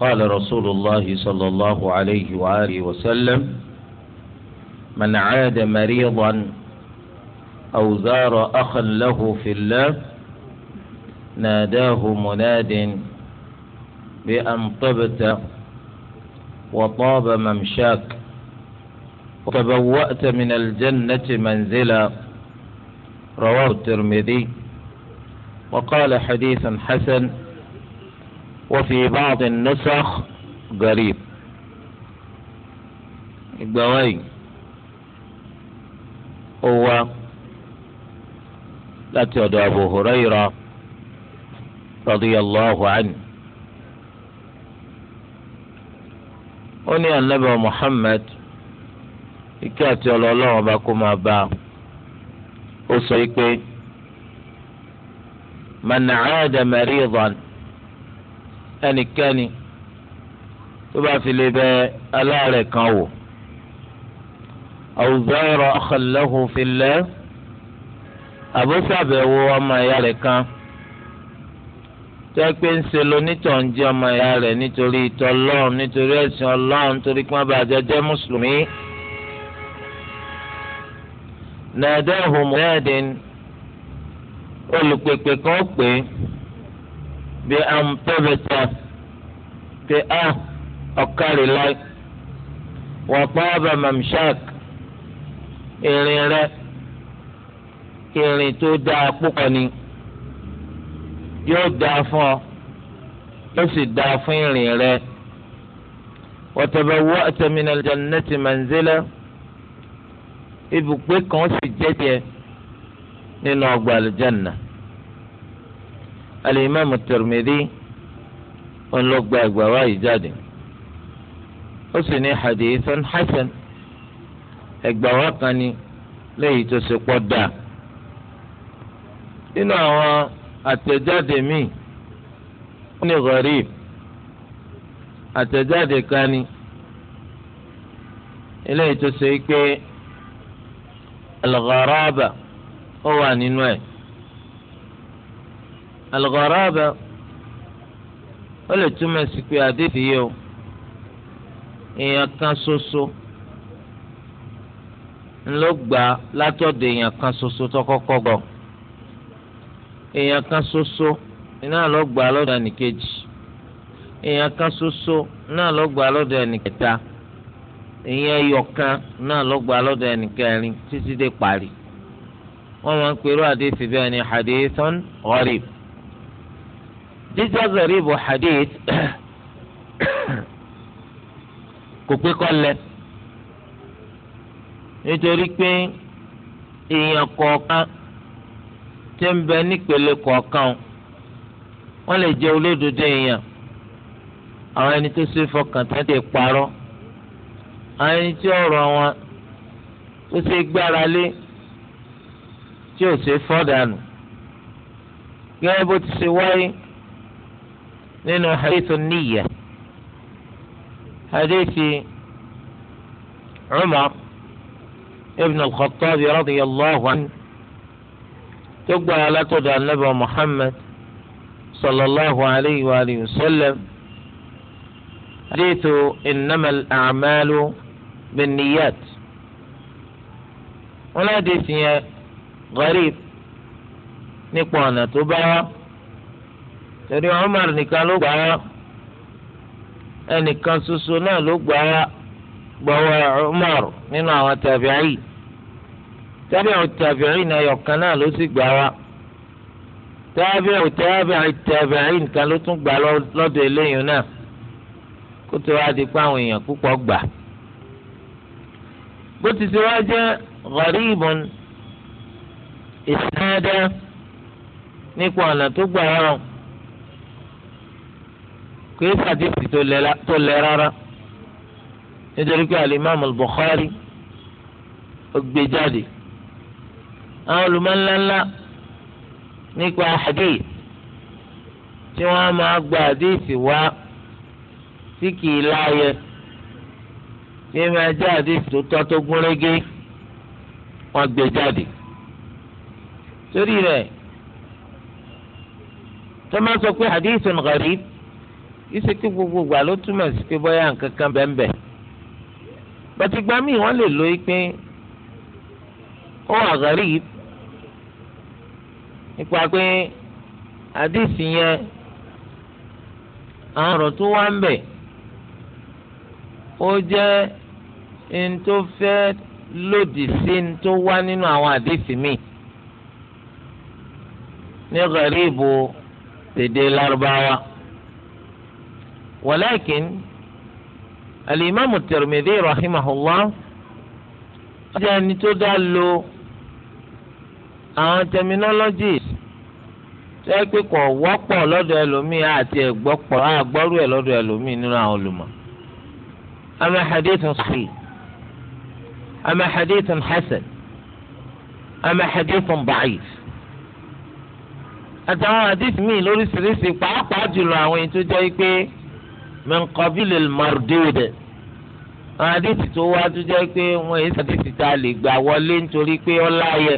قال رسول الله صلى الله عليه وآله وسلم من عاد مريضا أو زار أخا له في الله ناداه مناد بأن طبت وطاب ممشاك وتبوأت من الجنة منزلا رواه الترمذي وقال حديثا حسن وفي بعض النسخ قريب الجواي هو أتيد أبو هريرة رضي الله عنه أني النبي محمد إكاتي الله bá kó máa من عاد مريضاً ẹnikẹ́ni tó bá fi lè bẹ aláàrẹ̀ kan wò àwùjọ́rọ̀ ọ̀kànlẹ́hùn filẹ̀ àbúṣàbẹ̀wò ọmọ ìyá rẹ̀ kan tẹ́ pé ń ṣe lonítọ̀ ń jẹ́ ọmọ ìyá rẹ̀ nítorí ìtọ́ ọlọ́run nítorí ẹ̀sìn ọlọ́run nítorí pé wọ́n bá jọ jẹ́ mùsùlùmí. nàdẹ́hùn mùnádìn olùpèpè kan pè é bí à ń pẹ́bẹ̀ tẹ̀ pé à ọ̀kárì láì wọ́n pa ọba mamshak ìrìn rẹ ìrìn tó dáa púpọ̀ ni yóò dáa fún ọ ó sì dáa fún ìrìn rẹ wa manzila ibùgbé kan sì jẹ́ tiẹ̀ nínú ọgbà alimami Tirmidhi ń lọ gba ẹgbẹ́ wa yìí jáde ó sì ní hadithan hasan ẹgbẹ́ wa kan ní lẹ́yìn tó ṣe pọ̀ dáa nínú àwọn àtẹ̀jáde míì ó ní gharib àtẹ̀jáde kan ní eléyìí tó ṣe pé al-gharaba ó wà nínú ẹ̀. algharaba ó lè túmọ̀ sí pé o èèyàn kan soso ńlọ gbà látọ̀dọ̀ èèyàn kan soso tó kọ́kọ́ èèyàn kan soso iná lọ gbà lọ́dọ̀ ẹnìkejì èèyàn kan soso náà lọ gbà lọ́dọ̀ ẹnìkẹta èèyàn ẹyọkan náà lọ gbà lọ́dọ̀ ẹnìkẹrin títí dé parí wọ́n máa ń pèrò àdéhùn jíjẹ́ zaribu hadith kò pé kọ́ lẹ nítorí pé èèyàn kọ̀ọ̀kan tí ń bẹ nípele kọ̀ọ̀kan wọ́n lè jẹ́ olódodo èèyàn àwọn ẹni tó ṣe fọkàn tán ti parọ́ àwọn ẹni tí ọ̀rọ̀ wọn tó ṣe gbára lé tí ò ṣe fọ́ dànù gẹ́gẹ́ bó ti ṣe wáyé. لأنه حديث النية حديث عمر ابن الخطاب رضي الله عنه تقبل على تدعى النبي محمد صلى الله عليه وآله وسلم حديث إنما الأعمال بالنيات ولا حديث غريب نقوانا تبارك torí Umar nìkan ló gbà á ẹnìkan ṣoṣo náà ló gbà á gbọ́wọ́ Umar nínú àwọn tàbí'í tàbí'í tàbí'í náà yọ̀kan náà ló sì gbà á tàbí'í tàbí'í tàbí'í nìkan ló tún gbà á lọ́dọ̀ eléyìí náà kó tó wá di àwọn èèyàn púpọ̀ gbà bó ti ṣe wá jẹ́ nípa ọ̀nà tó kìí sàdísì tó lẹ rárá nítorí pé alimami Bukhari ó gbé jáde àwọn olùmọ̀ńláńlá nípa hadith tí wọ́n máa gba àdéhìsì wá tí kìí láàyè tí máa jẹ́ àdéhìsì tó tọ́ tó gún régé gbé jáde. torí rẹ̀ tó máa sọ pé hadithun gharib ìṣe pé gbogbo ìgbà ló túmọ̀ sí pé bóyá nǹkan kan bẹ́ẹ̀nbẹ́ẹ̀ bàtìgbà míì wọ́n lè lo pé ó wà gàrí yìí nípa pé àdìsí yẹn àwọn ọ̀rọ̀ tó wá ń bẹ̀ ó jẹ́ ẹni tó fẹ́ lòdì sí ẹni tó wá nínú àwọn àdìsí míì ní gàrí ìbò tèdè lárúbáwá. ولكن الإمام الترمذي رحمه الله ẹni تدل dá lo àwọn terminologies tẹ́ pé kò wọ́pọ̀ lọ́dọ̀ ẹlòmíì àti ẹ̀gbọ́pọ̀ àgbọ́rú ẹ̀ lọ́dọ̀ ẹlòmíì nínú àwọn olùmọ̀. ama hadithun sahih ama hadithun hasan ama hadithun da'if. àtàwọn hadith míì lóríṣiríṣi pàápàá jùlọ àwọn èyí jẹ́ pé min qabili al-mardud àwọn àdìsí tó wá tó jẹ́ pé wọ́n èyí sàdìsí tá a lè gbà wọlé nítorí pé ó láàyè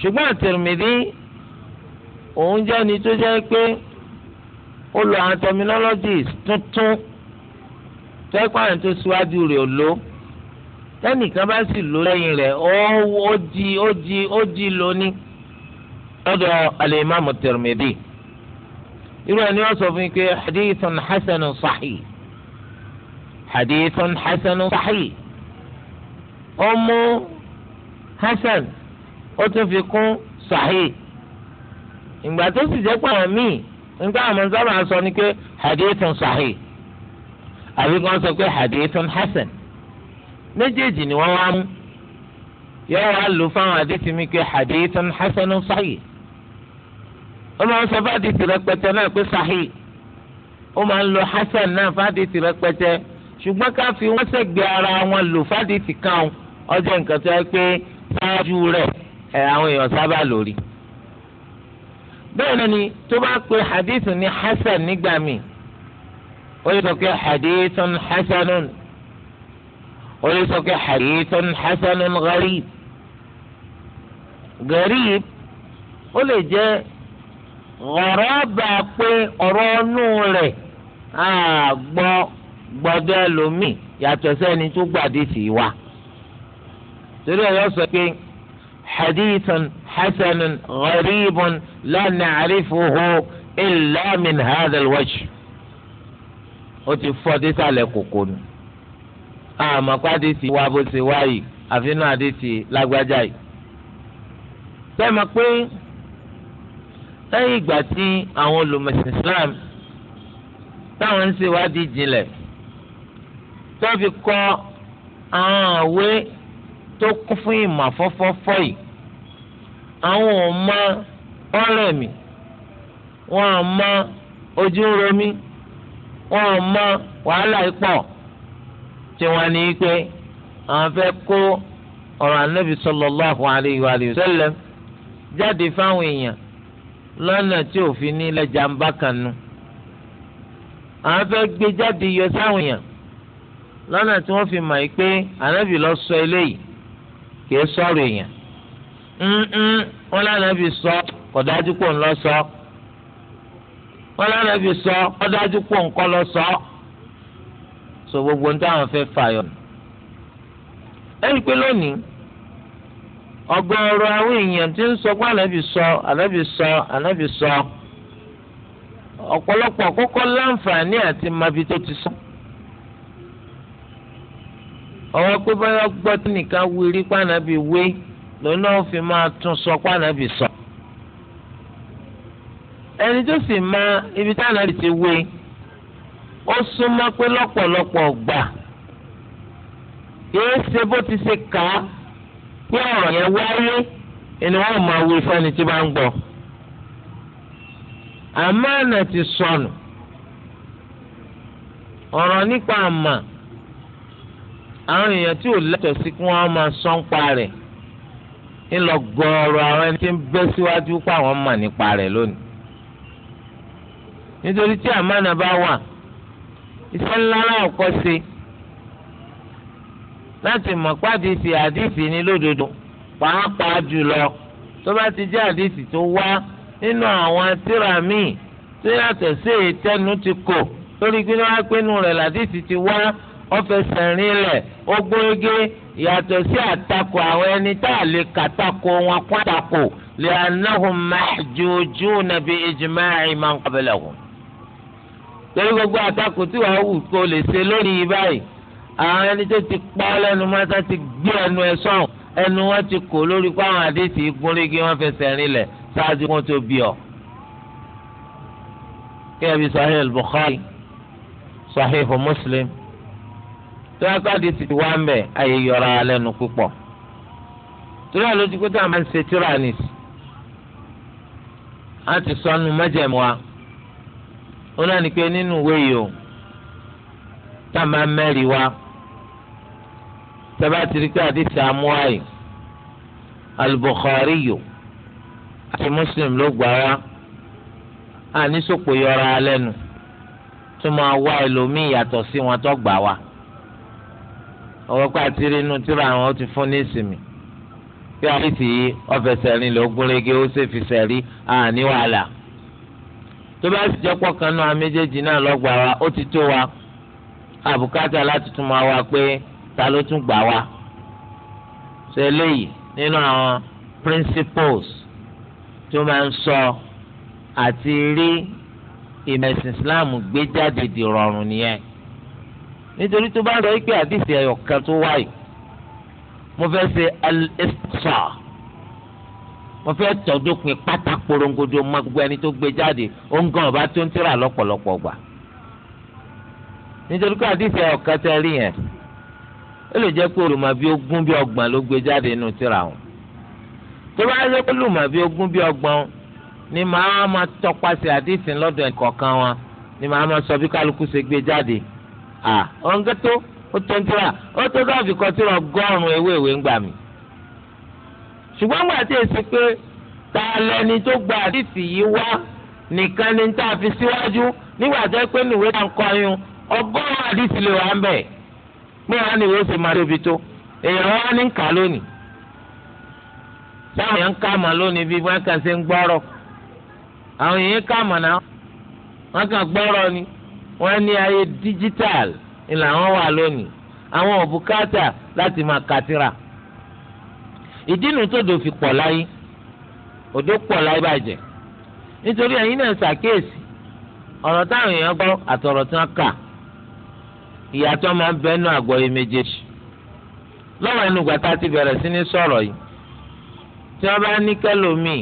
ṣùgbọ́n àtẹ̀rùmídì òun jẹ́ ni tó jẹ́ pé ó lo àwọn terminologies tuntun tó ẹ́ pààrọ̀ tó síwájú rẹ̀ ò lò tẹ́nìkan bá sì lò lẹ́yìn rẹ̀ ó di ó di ó di lóní lọ́dọ̀ al-Imam Tirmidhi irú ẹni wọ́n sọ fún mi pé hadithun hasanun sahih hadithun hasanun sahih ọmọ hasan ó tún fi kún sahih ìgbà tó sì jẹ́ pàrọ̀ míì nígbà àwọn sábà sọ ni pé hadithun sahih àbí kan sọ pé hadithun hasan méjèèjì ni wọ́n wá mú yọ wá lò fáwọn àdéhùn mi pé hadithun hasanun sahih ó máa ń sọ fáàdì tìrẹpẹtẹ náà pé sahih ó máa ń lo hasan náà fáàdì tìrẹpẹtẹ ṣùgbọ́n ká fi wọ́n sẹ́gbẹ̀ẹ́ ara wọn lò fáàdì tìkan ọjọ́ nǹkan tó yẹ pé ṣáájú rẹ̀ ẹ̀ àwọn èèyàn sábà lórí. bẹ́ẹ̀ náà ni tó bá pe hadith ní hasan nígbà míì ó lè sọ pé hadithun hasanun ó lè sọ pé hadithun hasanun gharib gharib ó lè jẹ́ ọ̀rọ̀ bá a pé ọ̀rọ̀ ọnú rẹ̀ á gbọ́ gbọ́dọ̀ ẹlòmíì yàtọ̀ sẹ́ni tó gbàdí sí wa. torí ẹ̀yọ́ sọ pé hadithan hasanun gharibun la na'rifuhu illa min hadha alwajh. ó ti fọ́ dísàlẹ̀ kòkó nu. àmọ́ pàdé sí wa bó ṣe wá yìí àfínú àdé lágbájá yìí. sẹ́mi pé lẹ́yìn ìgbà tí àwọn olùmọ̀sìn Islam táwọn ń ṣèwádìí jinlẹ̀ tó fi kọ àwọn àwé tó kún fún ìmọ̀ fọ́fọ́fọ́ yìí àwọn ò mọ ọ̀rẹ́ mi wọn ò mọ ojú ń romí wọn ò mọ wàhálà ipò tí wọn ní í pé àwọn fẹ́ kó ọ̀rọ̀ ànábì sallallahu alayhi wa sallam jáde fáwọn èèyàn lọ́nà tí òfin ní lẹ́jà ń bá kan nu àwọn fẹ́ gbé jáde yọ sáwọn èèyàn lọ́nà tí wọ́n fi mọ̀ yìí pé ànábì lọ sọ eléyìí kìí sọ̀rọ̀ èèyàn wọ́n lánàbì sọ kò dájú pò ń lọ sọ wọ́n lánàbì sọ kò dájú pò ń kọ́ lọ sọ so gbogbo ní táwọn fẹ́ fàyọ̀ ẹ̀rí pé lónìí ọ̀gọ̀ọ̀rọ̀ àwọn èèyàn tí ń sọ pé ànábì sọ ànábì sọ ànábì sọ ọ̀pọ̀lọpọ̀ kókó láǹfààní àti mabi tó ti sọ. ọwọ́ pé báyọ̀ gbọ́ tí nìkan wí rí pànábì wé lónà òfin máa tún sọ pànábì sọ. ẹni tó sì mọ ibi tánábì ti wé ó súnmọ́ pé lọ́pọ̀lọpọ̀ gbà kì ṣe bó ti ṣe kà pé ọ̀rọ̀ yẹn wáyé ni wọ́n máa wí fẹ́ni tí bá ń gbọ́. àmánà ti sọnù ọ̀rọ̀ nípa àmà àwọn èèyàn tí ò lẹ́tọ̀ọ́ sí kí wọ́n máa sọ ń pa rẹ̀ ńlọ gọ̀ọ̀rọ̀ àwọn ẹni tí ń bẹ́ síwájú pé àwọn mà nípa rẹ̀ lónìí. nítorí láti mọ̀ pé àdìsí àdìsí ni lódodo pàápàá jùlọ tó bá ti jẹ́ àdìsí tó wá nínú àwọn tírà míì tó yàtọ̀ sí ìtẹ́nu ti kò lórí gbé wá pinnu rẹ̀ làdìsí ti wá ọ̀fẹ́ sẹ̀rin lẹ̀ ó gbóyégé yàtọ̀ sí àtakò àwọn ẹni tá a lè kàtakò wọn kó lè anáhùn máàjòjú nàbí ìjìmá ìmá nkàbẹ̀lẹ̀ hù. torí gbogbo àtakò tí wàá wù kó lè ṣe lórí yìí àwọn ẹni tó ti pa ọ́ lẹ́nu mọ́tá ti gbé ẹnu ẹ sọ̀rọ̀ ẹnu wọn ti kò lórí pé àwọn àdéhìí gúnrégé wọn fẹsẹ̀ rinlẹ̀ ṣáájú wọn tó bí ọ. kíyà bí sahih bukhari sahih muslim tí wọn ká di ti wá ń bẹ ayé yọra lẹ́nu púpọ̀. torí àlójú pé táwọn máa ń ṣe tyrannis a sọnù mẹ́jẹ̀mú ó náà ní pé nínú ìwé o tá a máa mẹ́rin wa tẹ́lá ti rí pé àdìsí amúháì al-Bukhari yò àti Muslim ló gbà wá àníṣòpò yọra lẹ́nu tó máa wá ẹlòmíì yàtọ̀ sí wọn tó gbà wá ọwọ́ pé àti rí inú tíra àwọn ó ti fún ní ìsinmi bí àdìsí yìí ọ̀fẹ́ sẹ́rin ló ó sì fi sẹ́rí àní wàhálà tó bá sì jẹ́ pọ̀ kan náà méjèèjì náà lọ́gbà wá ó ti tó wa àbùkátà láti tún máa wá pé ta ló tún gbà wá ṣe eléyìí nínú àwọn principles tó máa ń sọ àti rí ìmẹ̀sìn Islam gbé jáde di rọrùn nìyẹn nítorí tó bá sọ pé àdìsí ẹyọ kan tó wáyé mo fẹ́ ṣe al mo fẹ́ tọ́jú pin pátá porongodo mọ́ gbogbo ẹni tó gbé jáde ó ń gan ọba tó ń tẹ̀ra lọ́pọ̀lọpọ̀ gbà nítorí pé àdìsí ọ̀kan tẹ́ rí yẹn ó lè jẹ́ pé olùmọ̀ bíi ogún bíi ọgbọ̀n ló gbé jáde nínú tírà wọn tó bá yẹ pé olùmọ̀ bíi ogún bíi ọgbọ̀n ni màá máa tọpasẹ̀ àdìsí lọ́dọ̀ ẹ̀kọ̀ọ̀kan wọn ni màá máa sọ bí kálukú ṣe gbé jáde à ọ̀ǹgẹ́ tó ó tó ń tírà ó tó káàfin kan tírà ọgọ́rùn-ún ewé ìwé ń gbà mí ṣùgbọ́n gbà tí èsì pé ta lẹni tó gba àdìsí yìí wá nìkan ni tá a fi síwájú nígbà tó pé nìwé náà ń kọyún ọgọ́rùn-ún àdìsí lè wà ń bẹ̀ pé wọn ni wọ́n ṣe máa tóbi tó èèyàn wọn ní kà lónìí táwọn èèyàn ń kà mà lónìí bí wọn kàn ṣe ń gbọ́rọ̀ àwọn èèyàn kà mà náà wọn kàn gbọ́rọ̀ ni wọ́n ní ayé digital ni làwọn wà lónìí àwọn òbúkátà láti máa kàtìrà ìdí nu tó dò fi pọ̀ láyé òdò pọ̀ láyé bàjẹ́ nítorí ẹ̀yin náà ṣàkíyèsí ọ̀rọ̀ táwọn èèyàn gbọ́ àtọ̀rọ̀ tí wọ́n kà ìyàtọ̀ máa ń bẹ́nu àgọ́ yìí méjèèjì lọ́wọ́ ẹnu gbàtà ti bẹ̀rẹ̀ sí ní sọ̀rọ̀ yìí tí wọ́n bá ní kẹlòmíì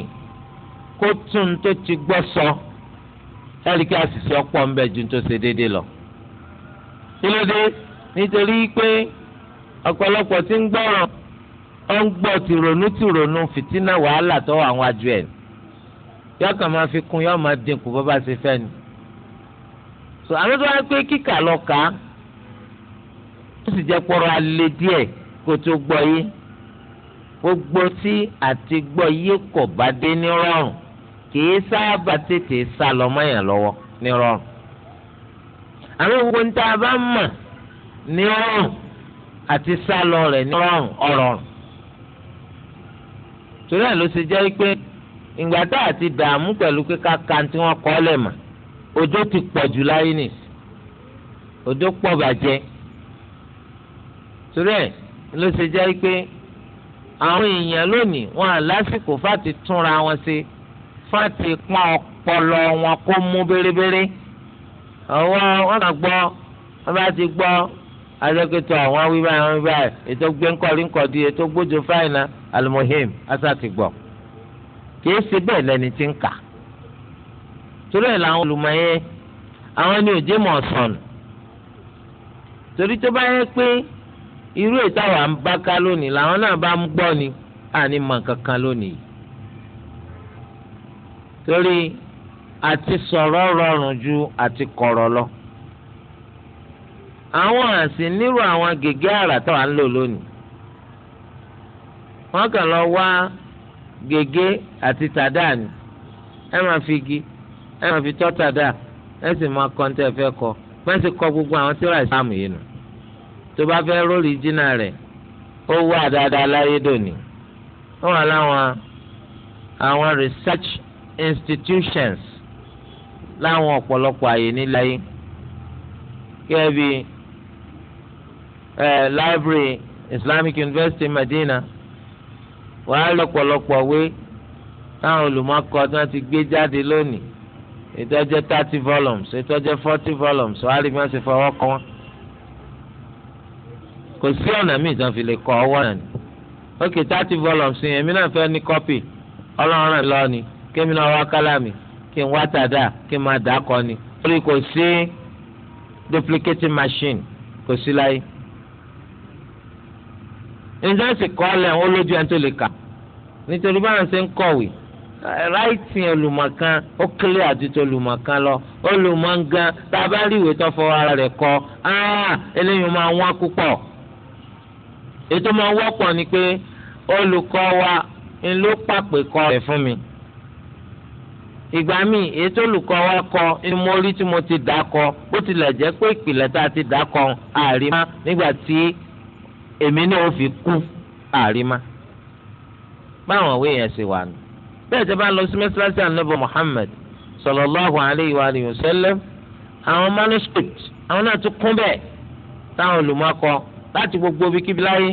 kó tún tó ti gbọ́ sọ ẹ̀ríkì àṣìṣe ọ̀pọ̀ ń bẹ ju tó ṣe déédéé lọ. kí ló dé nítorí pé ọ̀pọ̀lọpọ̀ tí ń gbọ́ràn ó ń gbọ́ tìrònú tìrònú fìtínà wàhálà tó wà wọn adùn ẹ̀ yọkàn máa fi kún yọ máa dínkù bó bá ṣe fẹ́ ni. sọ àmì tó wá pé kíkà lọ kàá sì jẹ́ pọ́rọ̀ alẹ́ díẹ̀ kó tó gbọ́ yé gbogbo tí àti gbọ́ yé kò bá dé ní rọrùn kìí sábà tètè sá lọ mọ́yàn lọ́wọ́ ní rọrùn. àwọn gbogbo ń tá a bá mọ̀ ní rọrùn àti sá lọ rẹ̀ ní rọrùn ọ̀rọ̀rùn. torí ẹ̀ ṣe jẹ́ pé ìgbà tá àti dààmú pẹ̀lú kíka kan tí wọ́n kọ́ lẹ̀ mọ̀ òjò ti pọ̀ jù láyé nìsí òjò pọ̀ bàjẹ́ torí ẹ̀ ló ṣe jẹ́ pé àwọn èèyàn lónìí wọn à lásìkò fáti túnra wọn ṣe fáti pọ́n ọpọlọ wọn kó mú bérebére àwọn wọn kà gbọ́ wọn bá ti gbọ́ adékètò àwọn wíwá àwọn wíwá ètò gbẹ́ńkọ̀rìnkọ̀dì ètò gbójú fáìnà alimohim asàti gbọ́ kìí ṣe bẹ́ẹ̀ lẹ́ni tí ń kà torí ẹ̀ làwọn olùmọ̀ye àwọn ẹni òjé mọ̀ torí tó bá yẹ pé irú ìtawà ń bá ká lónìí làwọn náà bá ń gbọ́ ni àní mọ̀ kankan lónìí. torí àti sọ̀rọ̀ rọrùn ju àti kọ̀rọ̀ lọ. àwọn àsì nírú àwọn gègé àrà táwa ń lò lónìí. wọ́n kàn lọ wá gègé àti tàdá ẹ máa fi igi ẹ máa fi tọ́ tàdá ẹ sì máa kọ́ ní tẹ́ fẹ́ kọ́ pẹ́ńsì kọ́ gbogbo àwọn tíra ìsàmù yìí nù tó bá fẹ́ rólì jìnnà rẹ̀ ó wà dáadáa láyé dòní ó wà láwọn àwọn research institutions láwọn ọ̀pọ̀lọpọ̀ àyè níláyé gẹ́gẹ́ bí eh, library Islamic University Madina wàá rí ọ̀pọ̀lọpọ̀ wé táwọn olùmọ̀kọ́ tí wọ́n ti gbé jáde lónìí ìtọ́jẹ́ thirty volumes ìtọ́jẹ́ forty volumes wàá rí bí wọ́n ti fọwọ́ kọ́ wọn kò sí ọ̀nà míì tí fi lè kọ́ ọwọ́ náà ni ok thirty volumes yẹn èmi náà fẹ́ ní kọ́pì ọlọ́run rẹ̀ lọ ni kémi náà wá kálámì kí n wá tàdá kí n máa dà á kọ ni torí kò sí duplicating machine kò sí láyé ǹjẹ́ sì kọ́ lẹ̀ ń olójú ẹni tó lè kà nítorí báwọn ṣe ń kọ̀wé ráìtì olùmọ̀kan ó kílẹ̀ àdútò olùmọ̀kan lọ olùmọ̀ǹgan tá a bá rí ìwé tó fọwọ́ ara rẹ̀ kọ ah, eléyìí máa wọ́n púpọ̀ ètò máa wọ́pọ̀ ni pé olùkọ́ wa ń ló pàpè kọ rẹ̀ fún mi ìgbà míì ètò olùkọ́ wa kọ ni mo rí tí mo ti dà kọ bó tilẹ̀ jẹ́ pé ìpìlẹ̀ tá a ti dà kọ àrímá nígbà tí èmi náà fi kú àrímá báwọn òwe yẹn ṣe wà nù bẹ́ẹ̀ tẹ́ bá lọ sí mẹ́sàlásì ànábọ̀ Muhammad sallallahu alayhi wa alihi wa sallam àwọn manuscript àwọn náà tún kún bẹ́ẹ̀ táwọn olùmọ̀kọ́ láti gbogbo ibi kíbi láyé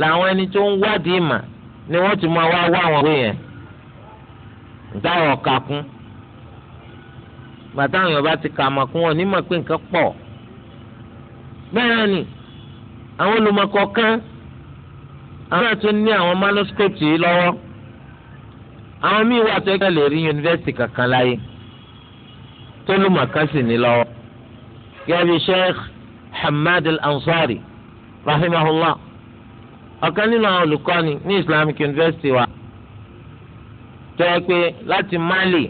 làwọn ẹni tó ń wádìí ìmọ̀ ni wọ́n ti máa wá wá àwọn òwe yẹn dáhùn ọ̀ka kún bàtà àwọn yorùbá ti kà mà kún wọn nímọ̀ pé nǹkan pọ̀ bẹ́ẹ̀ ni àwọn olùmọ̀kọ̀ kan àwọn náà tún ní àwọn manuscript yìí lọ́wọ́ àwọn míì wà tó ẹgbẹ́ lè rí yunifásitì kankan láyé tó lùmọ̀kan sì ní lọ́wọ́ gẹ́gẹ́ bí Sheikh Hamad Al-Ansari rahimahullah ọ̀kan nínú àwọn olùkọ́ni ní islamic university wa tó yẹ pé láti mali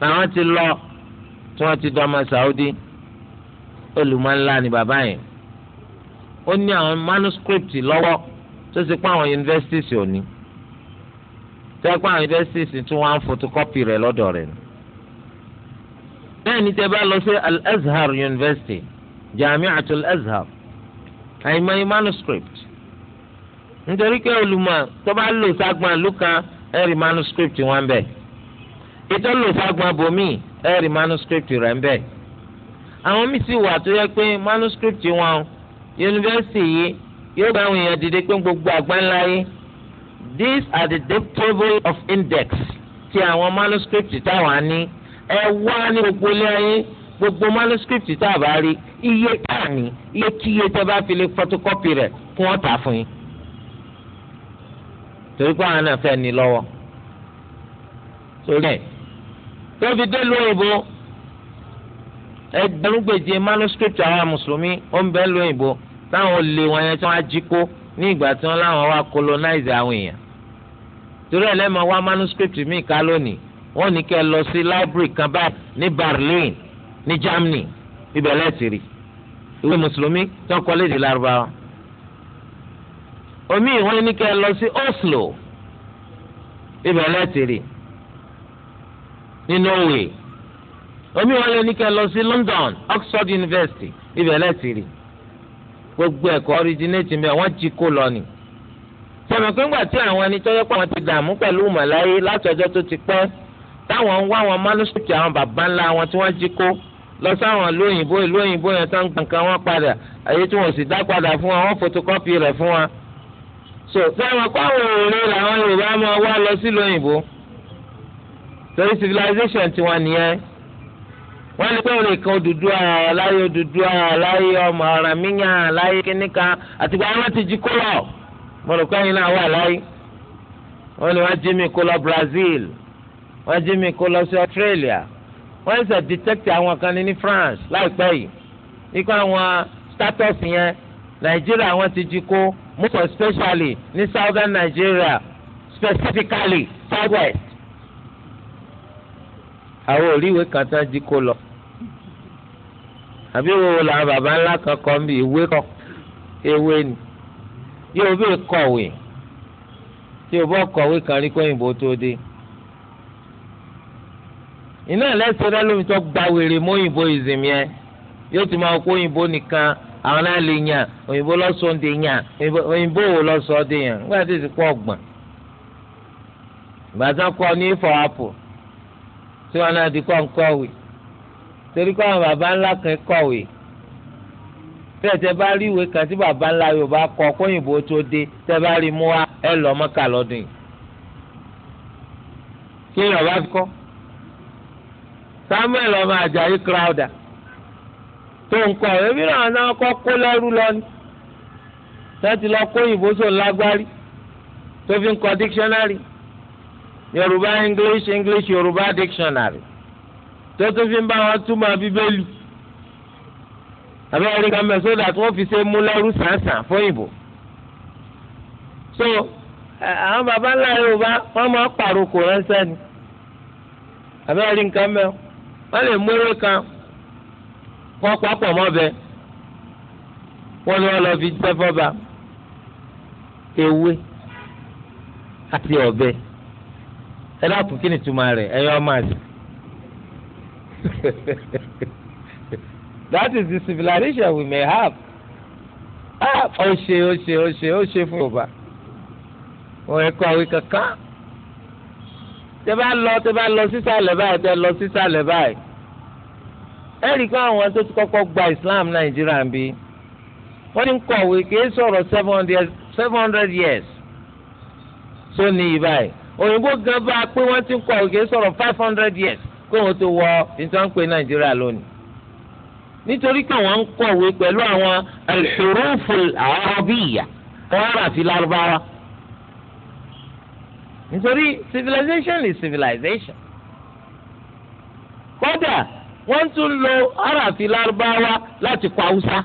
làwọn ti lọ tí wọ́n ti dọ́mọ saudi olùmọ̀ńlá ni bàbá yẹn ó ní àwọn manuscript lọ́wọ́ tó ṣe pé àwọn universities ò ní pé àwọn universities tún wá ń photocopy rẹ̀ lọ́dọ̀ rẹ̀ bẹ́ẹ̀ ni tẹ́ bá lọ sí al-azhar university jamiatul azhar. àìmọye manuscript nítorí pé olùmọ̀ tó bá lò ságbọn ìlú kan ẹ̀rì manuscript wọn bẹ̀ ètò lò ságbọn bòmí ẹ̀rì manuscript rẹ̀ ń bẹ̀ àwọn míì sì wà tó yẹ pé manuscript wọn yunifásitì yìí yóò bá àwọn èèyàn dìde pé gbogbo àgbáńlá yìí these are the depthable of index ti àwọn manuscript táwọn á ní ẹ wá ní gbogbo ilé ayé gbogbo manuscript tá a bá rí iye káàní iye kíye tẹ́ bá fi lè fọ́tókọ́pì rẹ̀ kí wọ́n tà fún yín torí pé àwọn náà fẹ́ ní lọ́wọ́ torí ẹ̀ tóbi dé lóyìnbó ẹgbẹ̀rúgbèje manuscript àwọn mùsùlùmí ó ń bẹ lóyìnbó táwọn olè wọn yẹn tí wọ́n á jí kó ní ìgbà tí wọ́n láwọn wá colonize àwọn èèyàn torí ẹ̀ lẹ́mọ̀ wá manuscript míì ká lónìí wọ́n ní kẹ́ lọ sí library kan báyìí ní Berlin ní Germany ibẹ̀ lẹ́sìn rí ìwé mùsùlùmí tó ń kọ́lé ìdílé arúgbáwá. omi ìwọ́n ní kẹ́ ẹ lọ sí Oslo ibẹ̀ lẹ́sìn rí ní Norway omi ìwọ́n ní kẹ́ ẹ lọ sí London Oxford University ibẹ̀ lẹ́sìn rí gbogbo ẹ̀kọ́ ọ̀ríjìnẹ́tì mẹ́ wọ́n jí kó lọ ni. sọ̀rọ̀ pé ńgbà tí àwọn ẹni tó yẹ pé àwọn ti dààmú pẹ̀lú mọ̀láyé látọjọ́ tó ti pẹ́ táwọn ń wá àwọn manuscript àwọn bàbá ńlá wọn tí wọ́n jí kó lọ sáwọn ìlú òyìnbó ìlú òyìnbó yẹn tán kankan wọn padà àyè tí wọn sì dá padà fún wọn wọn fotokọ́pì rẹ̀ fún wọn. so sẹ́wọ̀n káwọn òòrùn làwọn Yorùbá máa wá lọ sí ìlú torí civilization tiwọn nìyẹn wọ́n ní pẹ́ẹ́rẹ́ kan Odùduwà láyé Odùduwà láyé ọmọ Ọ̀rànmíyàn láyé kíníkan àtìgbà wọn ti jí kó lọ mo rò pé ẹ̀yin náà wà láyé wọ́n ní wọ́n jí mi kó lọ Brazil wọ́n jí mi kó lọ sí Australia wọ́n ṣe detect àwọn kan ní France láìpẹ́ yìí nípa àwọn status yẹn Nàìjíríà wọ́n ti jí kó most especially ní southern Nigeria specifically southwest. àwọn òríwèé kan tán jí kó lọ àbí wo làwọn baba ńlá kan kọ ń bí ìwé kọ ewé ni yóò bí kọ̀wé tí o bọ́ kọ̀wé kan rí kóyìnbó tó dé iná ẹlẹ́sẹ̀ rẹ lómi tó gba wèrè mọ́ òyìnbó ìzìmí ẹ yóò ti máa kó òyìnbó nìkan àwọn náà lè yàn òyìnbó lọ́sọ̀ọ́ de yàn òyìnbó wò lọ́sọ̀ọ́ de yàn nígbà tí ìsìnkú ọ̀gbọ̀n gbàtà kọ ní ifọ̀ apò tí wọn náà di kọ́ ń kọ́wé torí kọ́ àwọn baba ńlá kan kọ̀wé bẹ́ẹ̀ tẹ́ bá rí ìwé kan tí baba ńlá Yorùbá kọ kóyìnbó tó dé tẹ́ bá rí mú wa ẹ lọ́ mọ́kà lọ́dún yìí kí Yorùbá fi samuel ọmọ ajayi crowder tó ń kọ ẹbí náà náà kọ́ kó lẹ́rú lọ ni láti lọ kó òyìnbó sòun lágbárí tó fi ń kọ dictionary yorùbá english english yorùbá dictionary tó tó fi ń bá wọn túmọ̀ bíbélì àbẹ́rẹ́ rí kàmẹ́ sódà tí wọ́n fi ṣe mú lẹ́rú sàǹsàn fún òyìnbó so àwọn baba ńlá yorùbá wọ́n máa pàrokò ránṣẹ́ ni àbẹ́rẹ́ rí kàmẹ́ o wọ́n lè mú ewé kan kọ́ papọ̀ mọ́bẹ wọ́n ní wọ́n lọ fi sẹ́fọ́ba ewé àti ọ̀bẹ ẹ dákun kí ni túmọ̀ rẹ̀ ẹ yọ ọmọ àti. That is the civilization we may have. Ah, ó ṣe ó ṣe ó ṣe ó ṣe fún Yorùbá. wọ́n ẹ̀kọ́ àwé kankan tẹ bá lọ tẹ bá lọ sísàlẹ̀ báyìí tẹ lọ sísàlẹ̀ báyìí ẹ rí i pé àwọn tó ti kọ́kọ́ gba Islam Nàìjíríà ń bí wọ́n ní kọ̀wé kìí sọ̀rọ̀ seven hundred years tó ní yìí báyìí òyìnbó gan bá a pé wọ́n ti ń kọ̀wé kìí sọ̀rọ̀ five hundred years kó wọn tó wọ ìtànpé Nàìjíríà lónìí nítorí pé wọ́n ń kọ̀wé pẹ̀lú àwọn al-huruful arabiyya wọ́n rà sí nítorí civilization is civilization kódà wọ́n tún lo aráàfin lárúbáwá láti kọ haúsá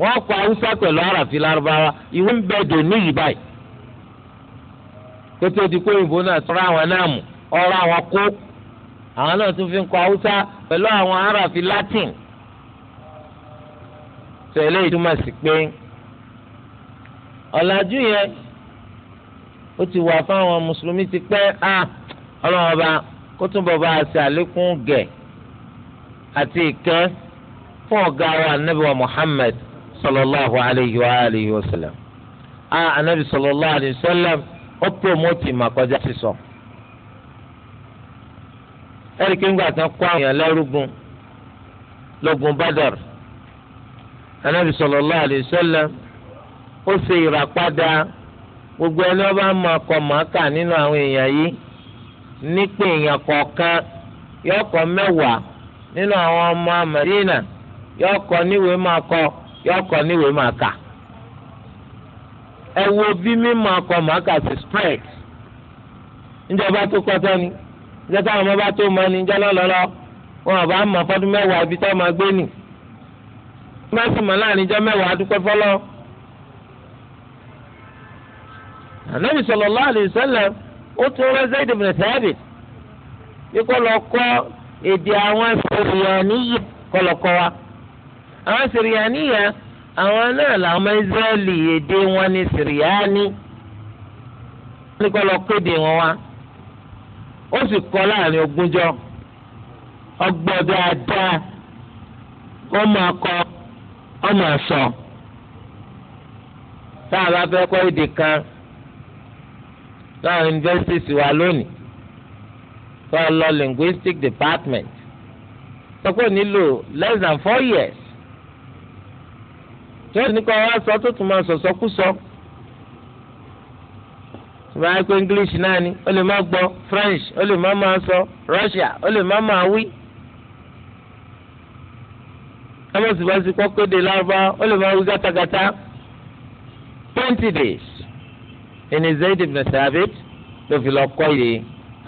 wọ́n kọ haúsá pẹ̀lú aráàfin lárúbáwá ìwé ń bẹ dòní yìí báyìí kótó di kó òyìnbó náà sọ̀rọ̀ àwọn náà mú ọ̀rọ̀ àwọn kó àwọn náà tún fi ń kọ haúsá pẹ̀lú àwọn aráàfin latin tẹ̀lé ìtumọ̀ sí pé ọ̀làjú yẹn. ó ti wà fáwọn mùsùlùmí ti pẹ́ á ọlọ́run ọba kó túnbọ̀ bá a ṣe àlékún gẹ̀ àti ìkẹ́ fún ọ̀gá wa anabi wa Muhammad sallallahu alayhi wa alayhi wa sallam a anabi sallallahu alayhi wa sallam ó promote ìmọ̀ àkọjá sísọ. ẹ̀rí kí n gbà tán kó àwọn èèyàn lẹ́rúgùn lógun Badr anabi sallallahu alayhi wa sallam ó ṣe ìràpadà. gbogbo ẹni ọba mọ ọkọ màákà nínú àwọn èèyàn yìí nípe èèyàn kọ̀ọ̀kan yọkọ mẹ́wàá nínú àwọn ọmọ Mẹdínà yọkọ níwèé máa kọ yọkọ níwèé máa kà ẹ wo bí mímọ ti spread níjọba tó kọtọ ni tó mọ ni wọn ọba fọdún mẹ́wàá ibi gbé nì. láàrin mẹ́wàá dúpẹ́ fọlọ́ anabi sallallahu alayhi wa otu ó tún rán Zayd ibn Thabit bí kọlọkọ èdè àwọn sèrìyàníyà kò wa àwọn sèrìyàníyà àwọn náà làwọn israẹli èdè wọn sèrìyàní wọn wa ó sì kọ láàrin ogúnjọ́ ọgbọdọ dáadáa ọmọ akọ kọ́ a bá èdè láwọn universities wa lónìí tó a lọ linguistic department sọ́kò nílò less than four years tí wọ́n ní kọ́ wá sọ tó tún máa sọ̀sọ́ kú sọ ṣùgbọ́n àìkú English náà ni ó lè má gbọ́ French ó lè má máa sọ Russia ó lè má máa wí ọmọ sì bá ti kọ́ kéde lárúbá ó lè má wí gátagátá twenty days ẹni Zayd ibn sabit, ló fi lọ kọ́ ìdè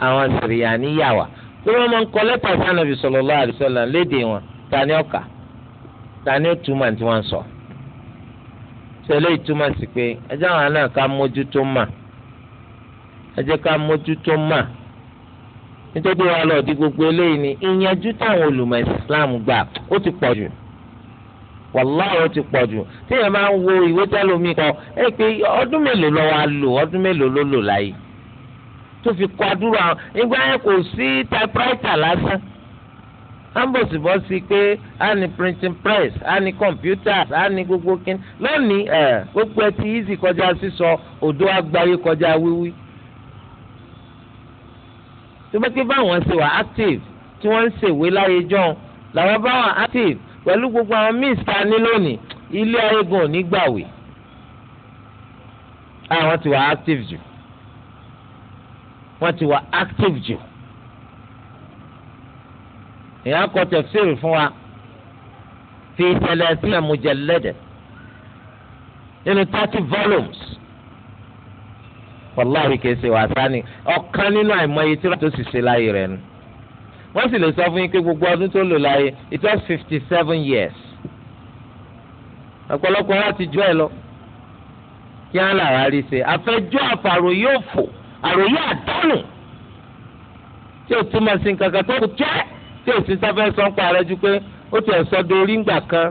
àwọn sèrìyàní yà wá pé wọ́n máa ń kọ lẹ́tà sí ànàbì sallallahu alaihi wasallam léde wọn tani ọkà tani ó túmọ̀ tí wọ́n sọ sẹlẹ̀ ìtumọ̀ sí pé ẹjẹ́ àwọn náà ká mójútó mà ẹjẹ́ ká mójútó mà nítorí wàá lọ́ọ́ di gbogbo eléyìí ni ìyẹnjú táwọn olùmọ̀ Islam gbà ó ti pọ̀ jù wàláhì ó ti pọ̀ jù téèyàn máa ń wo ìwé tẹ́lómi kan ẹ pé ọdún mélòó ló wá lò ọdún mélòó ló lò láyé tó fi kọ àdúrà nígbà yẹn kò sí typewriter lásán ambosibosi pé a ní printing press a ní computers a ní gbogbo kin lónìí ẹ gbogbo ẹ ti easy kọjá sísọ odò agbáyé kọjá wíwí. tó bá ké báwọn ṣe wà active tí wọ́n ń ṣèwé láyé jọ́ làwọn báwọn active pẹ̀lú gbogbo àwọn míì ta ní lónìí ilé ayé gan ò ní gbàwé àwọn ah, ti wà active jù wọ́n ti wà active jù èèyàn kọ tẹ̀síìrì fún wa fi thalathina mujallada nínú thirty volumes wàláhì kìí ṣe wàásù ni ọ̀kan nínú àìmọye tí wọ́n tó sì ṣe láyé rẹ̀ nù wọ́n sì lè sọ fún yín pé gbogbo ọdún tó lò láyé it was fifty seven years ọ̀pọ̀lọpọ̀ wọn ti jọ ẹ lọ kí á là rárí ṣe àfẹjọ́ àfàròyé òfò àròyé àdánù tí o túmọ̀ sí nǹkan kan tó kù jẹ́ tí o sì sáfẹ́ sọ ń pa rẹ ju pé ó ti ẹ̀ sọ dorí ńgbà kan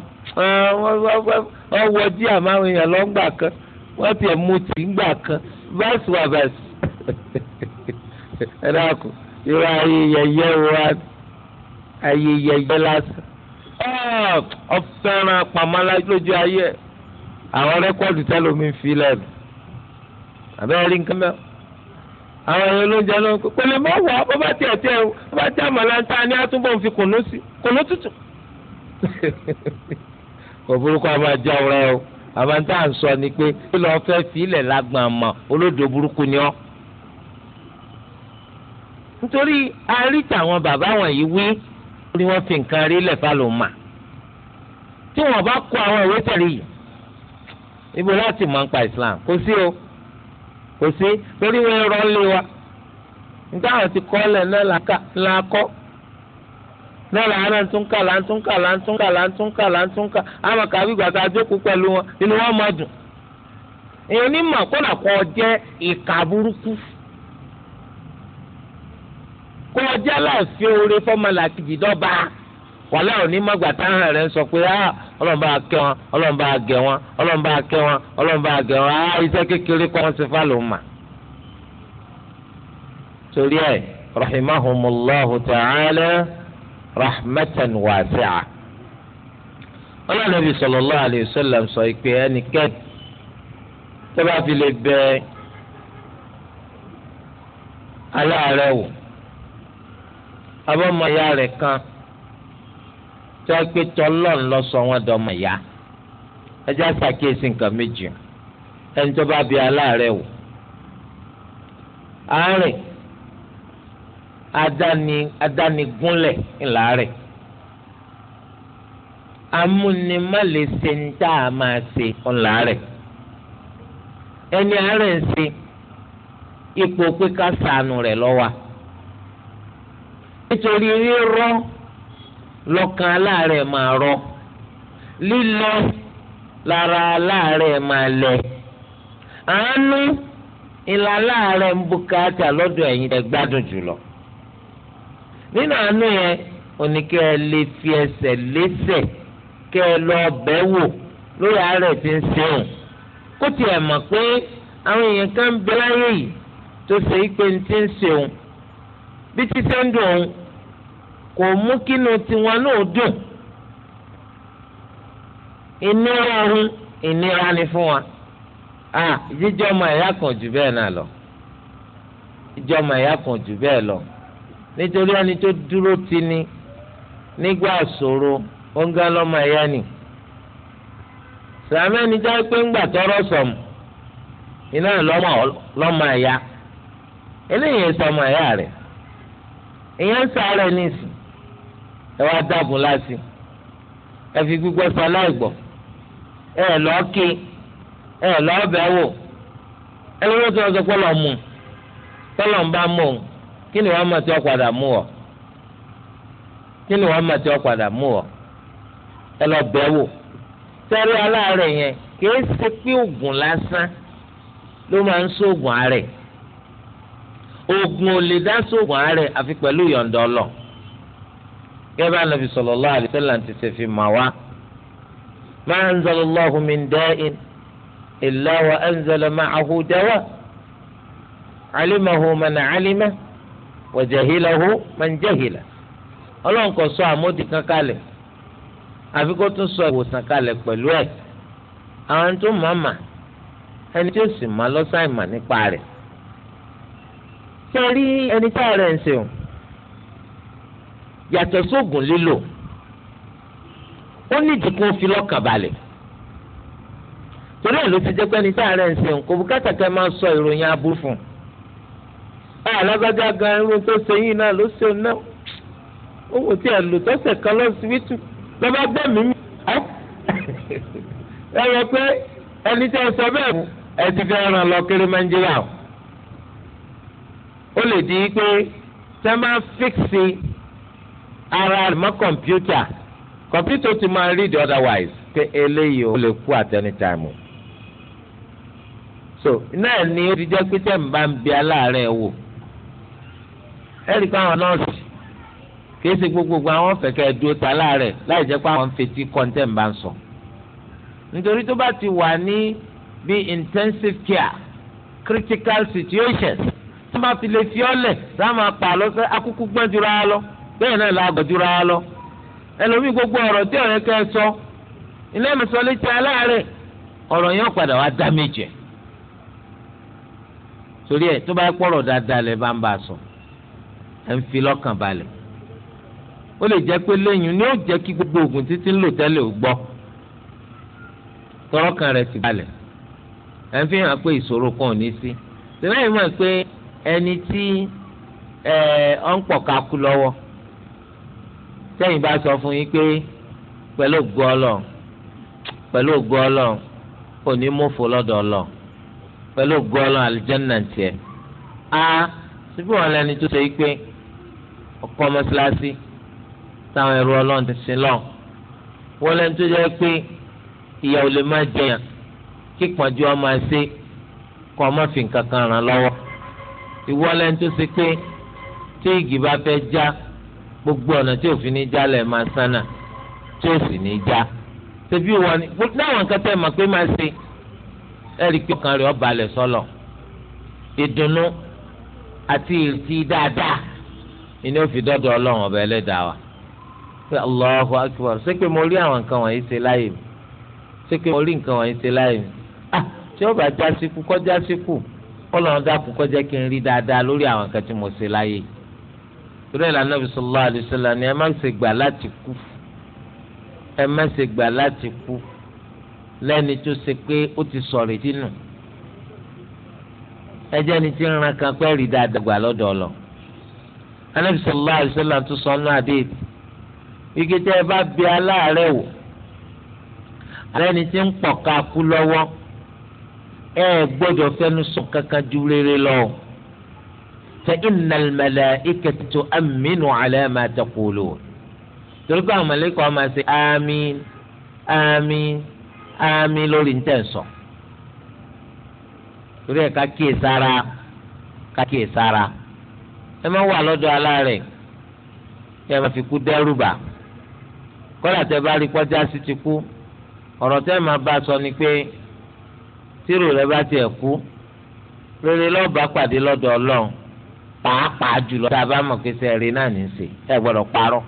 wọ́n wọ jí àmáwọn èèyàn lọ kan wọ́n ti ẹ̀ mutí ńgbà kan báṣu àbàṣu ẹ dáa irú ayé yẹyẹ wo ayé yẹyẹ lásán ah, ọ̀fẹ́ràn pàmòlá lójú ayé àwọn rẹ́kọ̀dù tẹ́lómi fi lẹ́nu àbẹ́rẹ́ rí nǹkan mẹ́wàá àwọn ẹ̀rọ lóúnjẹ ló ń pè pẹ̀lẹ́ mọ́ wà bó bá tiẹ̀ tiẹ̀ bó bá tiẹ̀ màlá ń ta ni àtúbọ̀ ń fi kùnú sí kùnú tútù. kò burúkú a máa jẹun rẹ o àbá ń tà ń sọ ni pé kí lọ́ọ́ fẹ́ fi ilẹ̀ lágbọ̀n olódò burúkú ni ọ́ nítorí àríta àwọn bàbá wọ̀nyí wí ni wọ́n fi nǹkan rí lẹ̀ fálọ́mà tí wọ́n bá kó àwọn ìwé tẹ̀lé yìí ibo láti mọ̀ nípa Islam kò sí o kò sí torí wọ́n rọ́ lé wa nítawọn ti kọ́ lẹ̀ náà là kọ́ náà là ń tún kà là ń tún kà là ń tún kà là ń tún kà là ń tún kà àmọ́ kàbí gbàgbà àjókòó pẹ̀lú wọn inú wọn máa dùn èèyàn ní mọ̀ kó nà kọ́ jẹ́ ìka burúkú kó ọjà láàfin oore fọmọlà kejì dọ́ba wàlẹ́ òní mọ́gbà táwọn rẹ̀ ń sọ pé ah, ọlọ́mọba akẹ́ wọn ọlọ́mọba agẹ́ wọn ọlọ́mọba akẹ́ wọn ọlọ́mọba agẹ́ wọn á ah, iṣẹ́ kékeré kọ́ wọn sí fálùmà. torí ẹ rahimahumullahu ta'ala rahmatan wasi'a. ọlọ́run ibi sallallahu alayhi wa sallam sọ pé ẹnikẹ́ni tó fi lè bẹ aláàárẹ̀ wò. abọ́mọ ya rẹ̀ kan tí wọ́n pé tọ́lọ́ ń lọ sọ wọn dọ́mọ ya ẹjẹ́ àṣàkíyèsí nǹkan méjì ẹni tó bá bí aláàárẹ̀ wò àárẹ̀ adani adánigúnlẹ̀ ńláàárẹ̀ amúnimálèsè ń tá máa ṣe ńláàárẹ̀ ẹni àárẹ̀ ń ṣe ipò pé ká sànù rẹ̀ lọ́wọ́ nítorí rírọ́ lọ́kàn aláàárẹ̀ máa rọ lílọ lára aláàárẹ̀ máa lẹ àánú ìlà aláàárẹ̀ ń bùkátà lọ́dọ̀ ẹ̀yin tẹ́ gbádùn jùlọ nínú àánú yẹn ẹ lè fi ẹsẹ lẹsẹ kẹ́ ẹ lọ wò lórí àárẹ̀ ń kó pé àwọn èèyàn kan bẹ láyé yìí tó ti ń bí ti sẹ́ńdùn kò mú kínú tiwọn náà dùn ìnira ọ̀hún ìnira ni fún wa jíjọ́ ọmọ ẹ̀yà kan jù bẹ́ẹ̀ náà lọ jíjọ́ ọmọ ẹ̀yà kan jù bẹ́ẹ̀ lọ nítorí ẹni tó dúró ti ni nígbà ṣòro ọ̀ngá lọ́mọ ẹ̀yà ni sàmì ẹni jẹ́ pé ńgbà tọrọ sọ̀mù iná lọ́mọ ẹ̀yà eléyìí sọmọ ẹ̀yà rẹ̀ ìyẹn ń sáré nísìn ẹ wá dàbò láti ẹ fi gbígbọ́ sọ aláìgbọ́ ẹ ẹ lọ́ọ́ kí ẹ ẹ lọ́ọ́ mụ, wò ẹ lọ́wọ́ tó ń sọ pé lọ́ọ́ mú mụ bá mú òun kí ni mụ mọ̀ tí padà mú ọ kí ni wàá mọ̀ tí padà mú ọ ẹ lọ́ọ́ wò sẹ́rí aláàárẹ̀ yẹn kìí ṣe pé oògùn lásán ló máa ń sóògùn àárẹ̀ oògùn ò lè dá gẹ́gẹ́ bá nàbì sallallahu alaihi fi mà ma anzalallahu min da'in illa wa anzala ma'ahu dawa alimahu man alima wa jahilahu kò sọ àmódi kan kalẹ̀ àfi kó tún sọ ìwòsàn kalẹ̀ pẹ̀lú àwọn tó ẹni tó sì nípa ṣé rí ẹni tá a ń yàtọ̀ sóògùn lílò ó ní ìdìkún fi lọ́kàn balẹ̀ torí ẹ̀ ló ti jẹ́ pé ní sáàárẹ̀ ń sẹ́wọ̀n kò bùkátà kẹ́ máa sọ ìròyìn abú fún un ẹ̀ alágbájá gan irun tó ṣe yìí náà ló ṣe náà ó wò tí ẹ̀ lò tọ́sẹ̀ kan lọ sí wítú lọ́ba gbẹ̀mí mi ẹ́ ẹ yẹ pé ẹni tẹ́ ẹ sọ bẹ́ẹ̀ fún ẹ ti fẹ́ ràn lọ kiri Nàìjíríà ó lè di pé tẹ́ máa fíksì ara rẹ̀ mọ́ kọ̀mpútà kọ̀mpútà ti máa read otherwise pé eléyìí ó lè kú at any time so náà ni ó ti jẹ́ pé tẹ̀ ń bá ń bi aláàárẹ̀ wò ẹ̀rí káwọn nọ́ọ̀sì kìí ṣe gbogbogbò àwọn fẹ̀kẹ́ dúró ta láàárẹ̀ láì jẹ́ pé àwọn ń fetí kọ́ńtẹ̀ ń bá ń sọ nítorí tó bá ti wà ní bí intensive care critical situation wọ́n bá fi lè fi ọ́ lẹ̀ sáà máa pa àlọ́ sẹ́ akúkú gbọ́n jura lọ bẹ́ẹ̀ náà la gbàdúrà lọ ẹlòmíì gbogbo ọ̀rọ̀ tí ọ̀rẹ́ kẹ́ sọ ilé ìmọ̀sọ létí aláàárẹ̀ ọ̀rọ̀ yẹn padà wá dá torí ẹ tó bá pọ̀rọ̀ dáadáa lẹ bá ń bá a sọ ẹ ń fi lọ́kàn balẹ̀ ó lè jẹ́ pé lẹ́yìn ni ó gbogbo oògùn títí ń lò tẹ́lẹ̀ gbọ́ kan ò ní sí mọ̀ pé ẹni tí ń pọ̀ ká kú lọ́wọ́ sẹ́yìn bá sọ fún yín pé pẹ̀lú ògo Ọlọ́run pẹ̀lú ògo Ọlọ́run òní mọ̀fọ́ lọ́dọ̀ Ọlọ́run pẹ̀lú ògo Ọlọ́run àlùjànnà tiẹ̀ á síbí wọn lẹni tó sọ yìí pé ọkọ mọ́sálásí táwọn ẹrú Ọlọ́run ti sin lọ́n wọn lẹni tó jẹ́ pé ìyà ò lè má jẹyàn kí pọ́njú ọmọ ẹ ṣe kọ́ ọmọ fi nǹkan kan ràn lọ́wọ́ ìwọ lẹni tó sọ pé tí igi bá fẹ́ já. Ja, gbogbo ọ̀nà tí òfin ní jálẹ̀ máa sánà tí ó sì ní já ṣebí wọn ni náwọn nǹkan tẹ́ ẹ mọ̀ pé máa ṣe ẹ rí i pé ọkàn rẹ̀ ó balẹ̀ sọ́lọ̀ ìdùnnú àti ìrètí dáadáa ìní ó fi dọ́dọ̀ ọba ẹlẹ́dàá wa pé Allahu akbar ṣé pé mo rí àwọn nǹkan wọ̀nyí ṣe láàyè mi ṣé pé mo rí nǹkan wọ̀nyí ṣe láàyè mi ah tí ó bá já síkú kọjá síkú ọlọ́run dákú kọjá kí n rí dáadáa lórí àwọn nǹkan tí mo ṣe láàyè yìí torí ẹ̀la nàbì sallallahu alaihi ni ẹ má ṣe gbà láti kú ẹ má ṣe gbà láti kú lẹ́ni tó ṣe pé ó ti sọ̀rọ̀ dínú ẹ ni tí ń ran kan pẹ́ rí dáadáa gbà lọ́dọ̀ ọ̀lọ́ anabi sallallahu alaihi wasallam tó sọ ọ́nà àdéhìí ike tẹ́ ẹ bá bi aláàárẹ̀ wò alẹ́ni tí ń pọ̀ ká kú lọ́wọ́ ẹ gbọ́dọ̀ fẹ́nu sọ kankan ju rere lọ́wọ́ فإن الملائكة تؤمن على ما تقولون torí pé àwọn mọ̀lẹ́kọ̀ máa ṣe àmín àmín lori lórí ntẹ̀sọ̀ torí ẹ̀ ká kíyè sára ká kíyè sára ẹ má wà lọ́dọ̀ aláàrẹ̀ ẹ má fi kú dẹ́rù bà kọ́lá tẹ bá rí ti ku ọ̀rọ̀ tẹ́ ma ba sọ ni ti pàápàá jùlọ tá a bá mọ̀ pé sẹ́ẹ̀rì náà ní í ṣe ẹ gbọ́dọ̀ parọ́.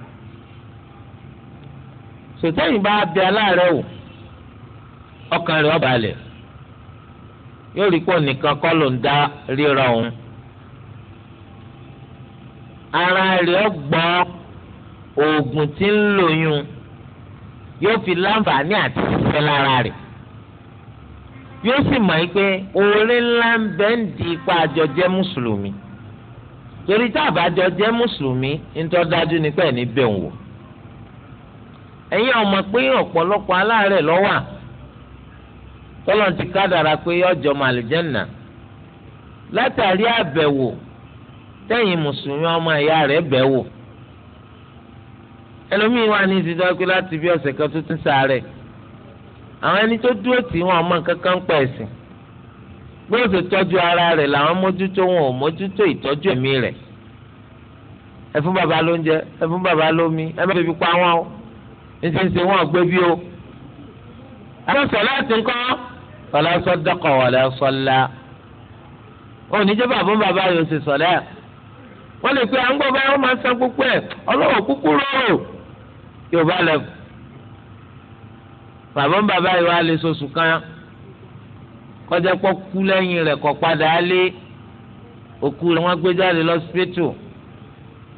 sòtẹ́yìn bá bẹ aláàárẹ̀ wò ọkàn rẹ̀ ọba lẹ̀ yóò rí pọ̀ nìkan kọ́ ló ń dá ríra òun. ara rẹ̀ gbọ́ oògùn tí ń lòyún yóò fi láǹfààní àti ìfẹ́ lára rẹ̀ yóò sì mọ̀ pé oore ńlá ń bẹ ń di ipa àjọjẹ́ mùsùlùmí. torí tá jọ jẹ́ mùsùlùmí ńtọ́ dájú ni pẹ́ẹ́ ní bẹ́ẹ̀ wò ẹ̀yin ọmọ pé ọ̀pọ̀lọpọ̀ aláàárẹ̀ lọ́wà tọ́lọ̀ ti kádàrà pé ọjọ́ màlìjẹ́nà látàrí àbẹ̀wò tẹ̀yin mùsùlùmí ọmọ ìyá rẹ̀ bẹ̀wò ẹlòmíín wà ní ìdíjọ́ pé láti bí ọ̀sẹ̀ kan tó ti sàárẹ̀ àwọn ẹni tó dúró tì wọ́n ọmọ kankan pẹ̀ sìn bí ó ṣe tọ́jú ara rẹ̀ làwọn mójútó wọn ò mójútó ìtọ́jú ẹ̀mí rẹ̀ ẹ fún bàbá lóúnjẹ ẹ fún bàbá lómi ẹ má bèbí pa wọn o nísinsìnyí wọn ò gbé bí o. àwọn sọláàtì ńkọ́ wala sadaqa wala salla oníjẹ́ bàbá bàbá yóò ṣe sọ̀lá wọ́n lè pe à ń gbọ́ báyọ̀ máa san púpọ̀ ẹ̀ ọlọ́wọ́ kúkú rọrùn yóò bá lẹ̀ bàbá bàbá yóò wá lè sọ̀sù kan kọjá pọ̀ kú lẹ́yìn rẹ̀ kọ́ padà lé òkú rẹ̀ wọ́n gbé jáde lọ́sípítù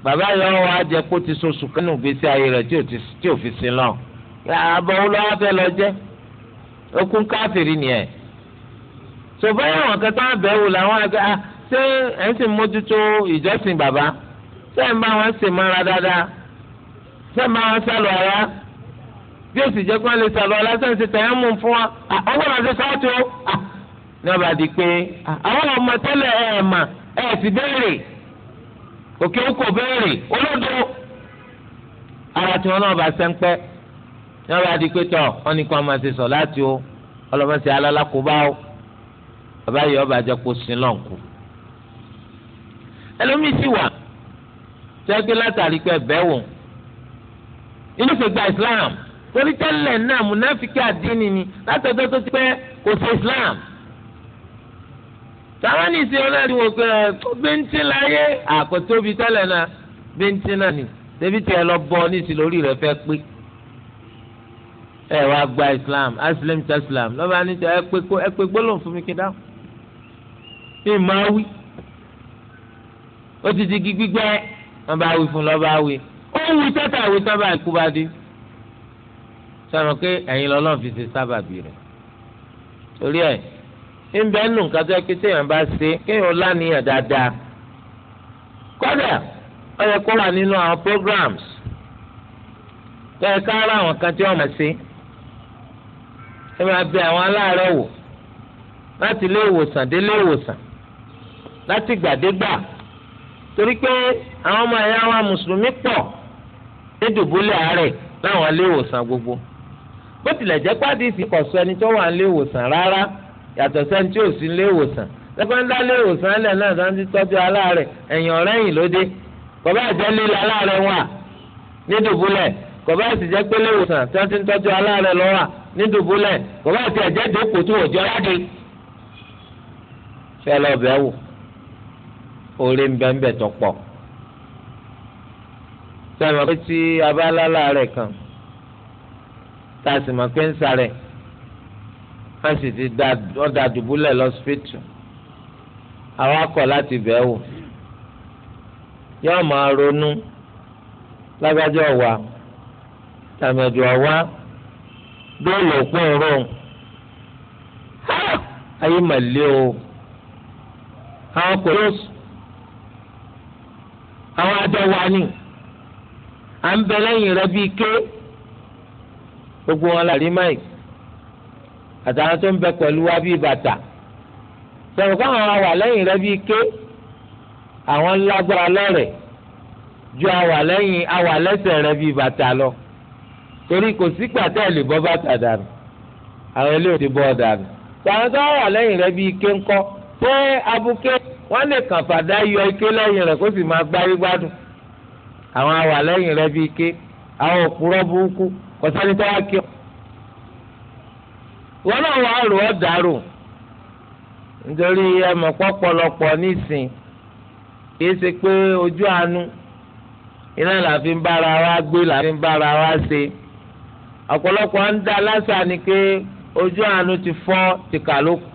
bàbá yọ wá jẹ kó ti so sùkánù gbèsè ayé rẹ̀ tí ò fi sin lọ àbọ̀ wọn lọ́wọ́ fẹ́ lọ jẹ́ okun káfìrí nìyẹn ṣùgbọ́n àwọn kẹta bẹ̀wò làwọn àgbẹ̀ ah ṣé ẹ̀ ń sì mójútó ìjọsìn bàbá ṣé ẹ̀ ń bá wọn ṣe mọ́ra dáadáa ṣé ẹ̀ ń bá wọn sálọ ọ̀rá bí èsì jẹ́ kí wọ́n lè sálọ ọ̀rá ṣé ń ṣe tẹ̀yẹ́ mú fún wa ọgbọ́n àti sọ́ọ̀tù ní ọba di pé àwọn ọmọ tẹ́lẹ̀ ẹ̀ mà ẹ̀ sì béèrè òkè òkò béèrè olódò ara tí wọn náà bá sẹ́ńpẹ́ ní ọba di pé tọ̀ wọn ní kí wọn máa ṣe sọ láti o ọlọmọsẹ alálákóbá o bàbá yìí ọba jẹ kó sin lọ́nkù ẹlòmíì sì wà sẹ́gbẹ́ látàrí pé bẹ́ẹ̀ wò inú gba Islam torí tẹ́lẹ̀ náà múnáfíkì àdínì ni látọ̀dọ̀ tó ti pẹ́ kò sí Islam táwọn ní ìsìn ọlọ́ọ̀dì wò pé ẹ tó bẹ́ńtì láyé àkótóbi tẹ́lẹ̀ náà bẹ́ńtì náà ni débi tí ẹ lọ bọ ní lórí rẹ fẹ́ pé ẹ wá gba Islam aslam taslam lọ́ba ní sọ ẹ pé gbólóhùn fún mi kí n dáhùn ní ìmáwí ó ti di gbígbẹ́ wọn bá wí fún lọ́ba wí ó wí tẹ́tà wí sábà ikú bá dé sọ̀rọ̀ pé ẹ̀yin lọ́lọ́run fi ṣe sábàbí rẹ̀ torí ẹ̀. ńbẹ nù nǹkan tó yẹ kí téèyàn bá kéèyàn lánìyàn dáadáa kó wà nínú àwọn programs ara àwọn kan tí wọ́n máa ẹ máa bẹ àwọn aláàárẹ̀ wò láti ilé ìwòsàn dé ilé ìwòsàn láti gbàdégbà torí ọmọ ẹ̀yà wa mùsùlùmí pọ̀ ní dùbúlẹ̀ láwọn ilé gbogbo bó tilẹ̀ jẹ́ pàdé ẹni tó yàtọ̀ sẹ́ni tí ò sí ilé ìwòsàn lẹ́gbẹ́ ńlá ilé ìwòsàn ẹlẹ́ náà tó ń ti tọ́jú aláàrẹ̀ ẹ̀yìn ọ̀rẹ́ yìí ló dé bàbá àjẹ́ lílẹ̀ aláàrẹ̀ wà ní dùbúlẹ̀ bàbá àti jẹ́ pé ilé ìwòsàn tó ń ti tọ́jú aláàrẹ̀ lọ wà ní dùbúlẹ̀ bàbá àti ẹ̀jẹ̀ dòkò tó òjò láde. fẹ́ lọ bẹ́ẹ̀ wò fásitì ọ̀dà dùbúlẹ̀ lọ́sípítù àwọn akọ̀ láti bẹ̀ wò yóò máa ronú lágbájọ́ ọ̀wà tàmẹ̀dù wa, bóòlù òpin rún ayé màlẹ́ o àwọn kò lóṣù àwọn adọ́wà ni à ń bẹ lẹ́yìn rẹ bíi ké gbogbo wọn là rí máìkì àtàwọn tó ń bẹ pẹ̀lú wa bíi bàtà sọ̀rọ̀ káwọn àwà lẹ́yìn rẹ bíi ké àwọn lágbára lọ́rẹ̀ ju àwà lẹ́yìn àwà lẹ́sẹ̀ rẹ bíi bàtà lọ torí kò sí pàtẹ́ lè bọ́ bàtà dànù àwọn eléyìí ti bọ́ dànù sọ̀rọ̀ káwọn àwà lẹ́yìn rẹ bíi ké ńkọ́ pé abuké wọ́n lè kàn fàdá yọ ike lẹ́yìn rẹ̀ kó sì máa gbárí gbádùn àwọn àwà lẹ́yìn rẹ bíi ké àwọn òpùrọ̀ burúkú kọ́sẹ́ni wọn náà wàá rò ọ́ dàrú nítorí ẹmọ pọpọlọpọ nísìn kìí ṣe pé ojú àánú iná làfi ń bára wa gbé làfi ń bára wa ṣe ọpọlọpọ ń dá lásà ni pé ojú àánú ti fọ ti kà lóko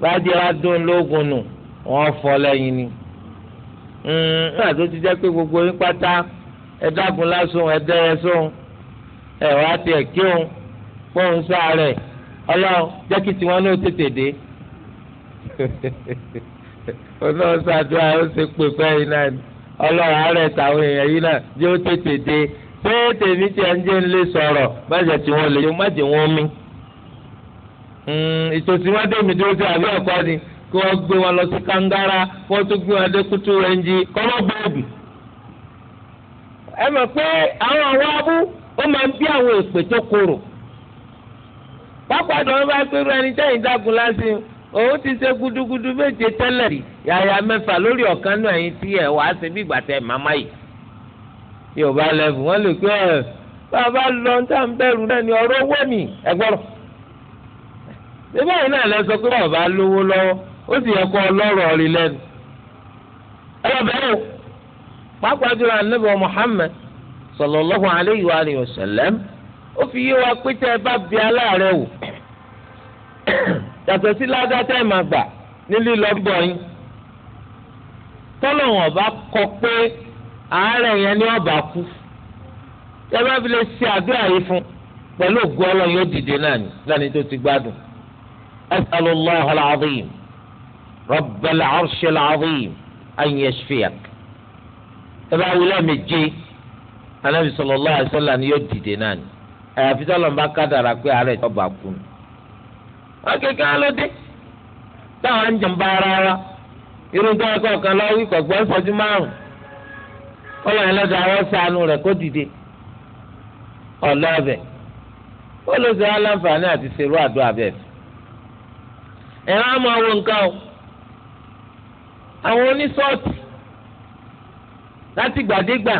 bájẹ́ wa dún lóògùn nù ni hmm, nígbà gbogbo yín pátá ẹ lásùn ẹ bóun sáré ọlọ́run jẹ́ kí tiwọn náà tètè dé ọlọ́run ṣàdúrà ó ṣe pé bẹ́ẹ̀ náà ọlọ́run àárẹ̀ táwọn èèyàn yìí náà jẹ́ ó tètè dé tètè ní tí a ń jẹ́ ń lé sọ̀rọ̀ bàjẹ́ tí wọ́n lè yọ má wọn hmm, mi dúró sí àbí ọ̀kọ́ ni kí wọ́n gbé wọn lọ sí kàńgára kí wọ́n tún gbé wọn dé kútú rẹ̀ǹjì kọ́mọ́ bẹ́ẹ̀bì. ẹ mọ̀ pé àwọn àwọn abú pápádọ̀ wọn bá pẹ́rù ẹni tẹ́yìn dágun láti òun ti ṣe gudugudu méje tẹ́lẹ̀ rí yàyà mẹ́fà lórí ọ̀kan náà ẹ̀yìn tí ẹ̀ wá ṣe bí ìgbà tẹ màmá yìí. yorùbá lẹ́bù wọ́n lè pé ẹ̀ bàbá lọ ń tà ń ni ọ̀rọ̀ owó mi náà lẹ sọ pé bàbá lówó lọ́wọ́ ó sì yẹ kó ọlọ́rọ̀ rí lẹ́nu. ó fi yé wa pé tẹ́ ẹ bá bi aláàárẹ̀ wò yàtọ̀ sí ládá tẹ́ ẹ máa gbà ní lílọ bọ̀ yín tọ́lọ̀wọ̀n bá kọ pé àárẹ̀ yẹn ní ọ̀bà kú tẹ́ ẹ bá fi lè ṣe àdúrà yìí fún pẹ̀lú ògùn ọlọ́run yóò dìde náà ní lẹ́ni tó ti gbádùn as'alullahi al-azim rabbal arshi al-azim an yashfiyak ẹ bá wulẹ̀ méje anabi sallallahu alaihi wasallam ni àyàfi tọ́lọ̀ ń bá kádàrà pé àárẹ̀ tó bá kú. wọ́n kékeré alóde táwọn ń jàǹbá ara wa irun tó ẹ̀kọ́ kan lọ́wọ́ ikọ̀ gbọ́n sọ́jú márùn-ún yẹn lọ́dọ̀ àwọn sànù rẹ̀ kó dìde ọ̀lọ́ọ̀bẹ̀ ó ló ṣe aláǹfààní àti ṣerú àdó abẹ́ẹ̀fẹ́. àwọn nǹkan o àwọn láti gbàdégbà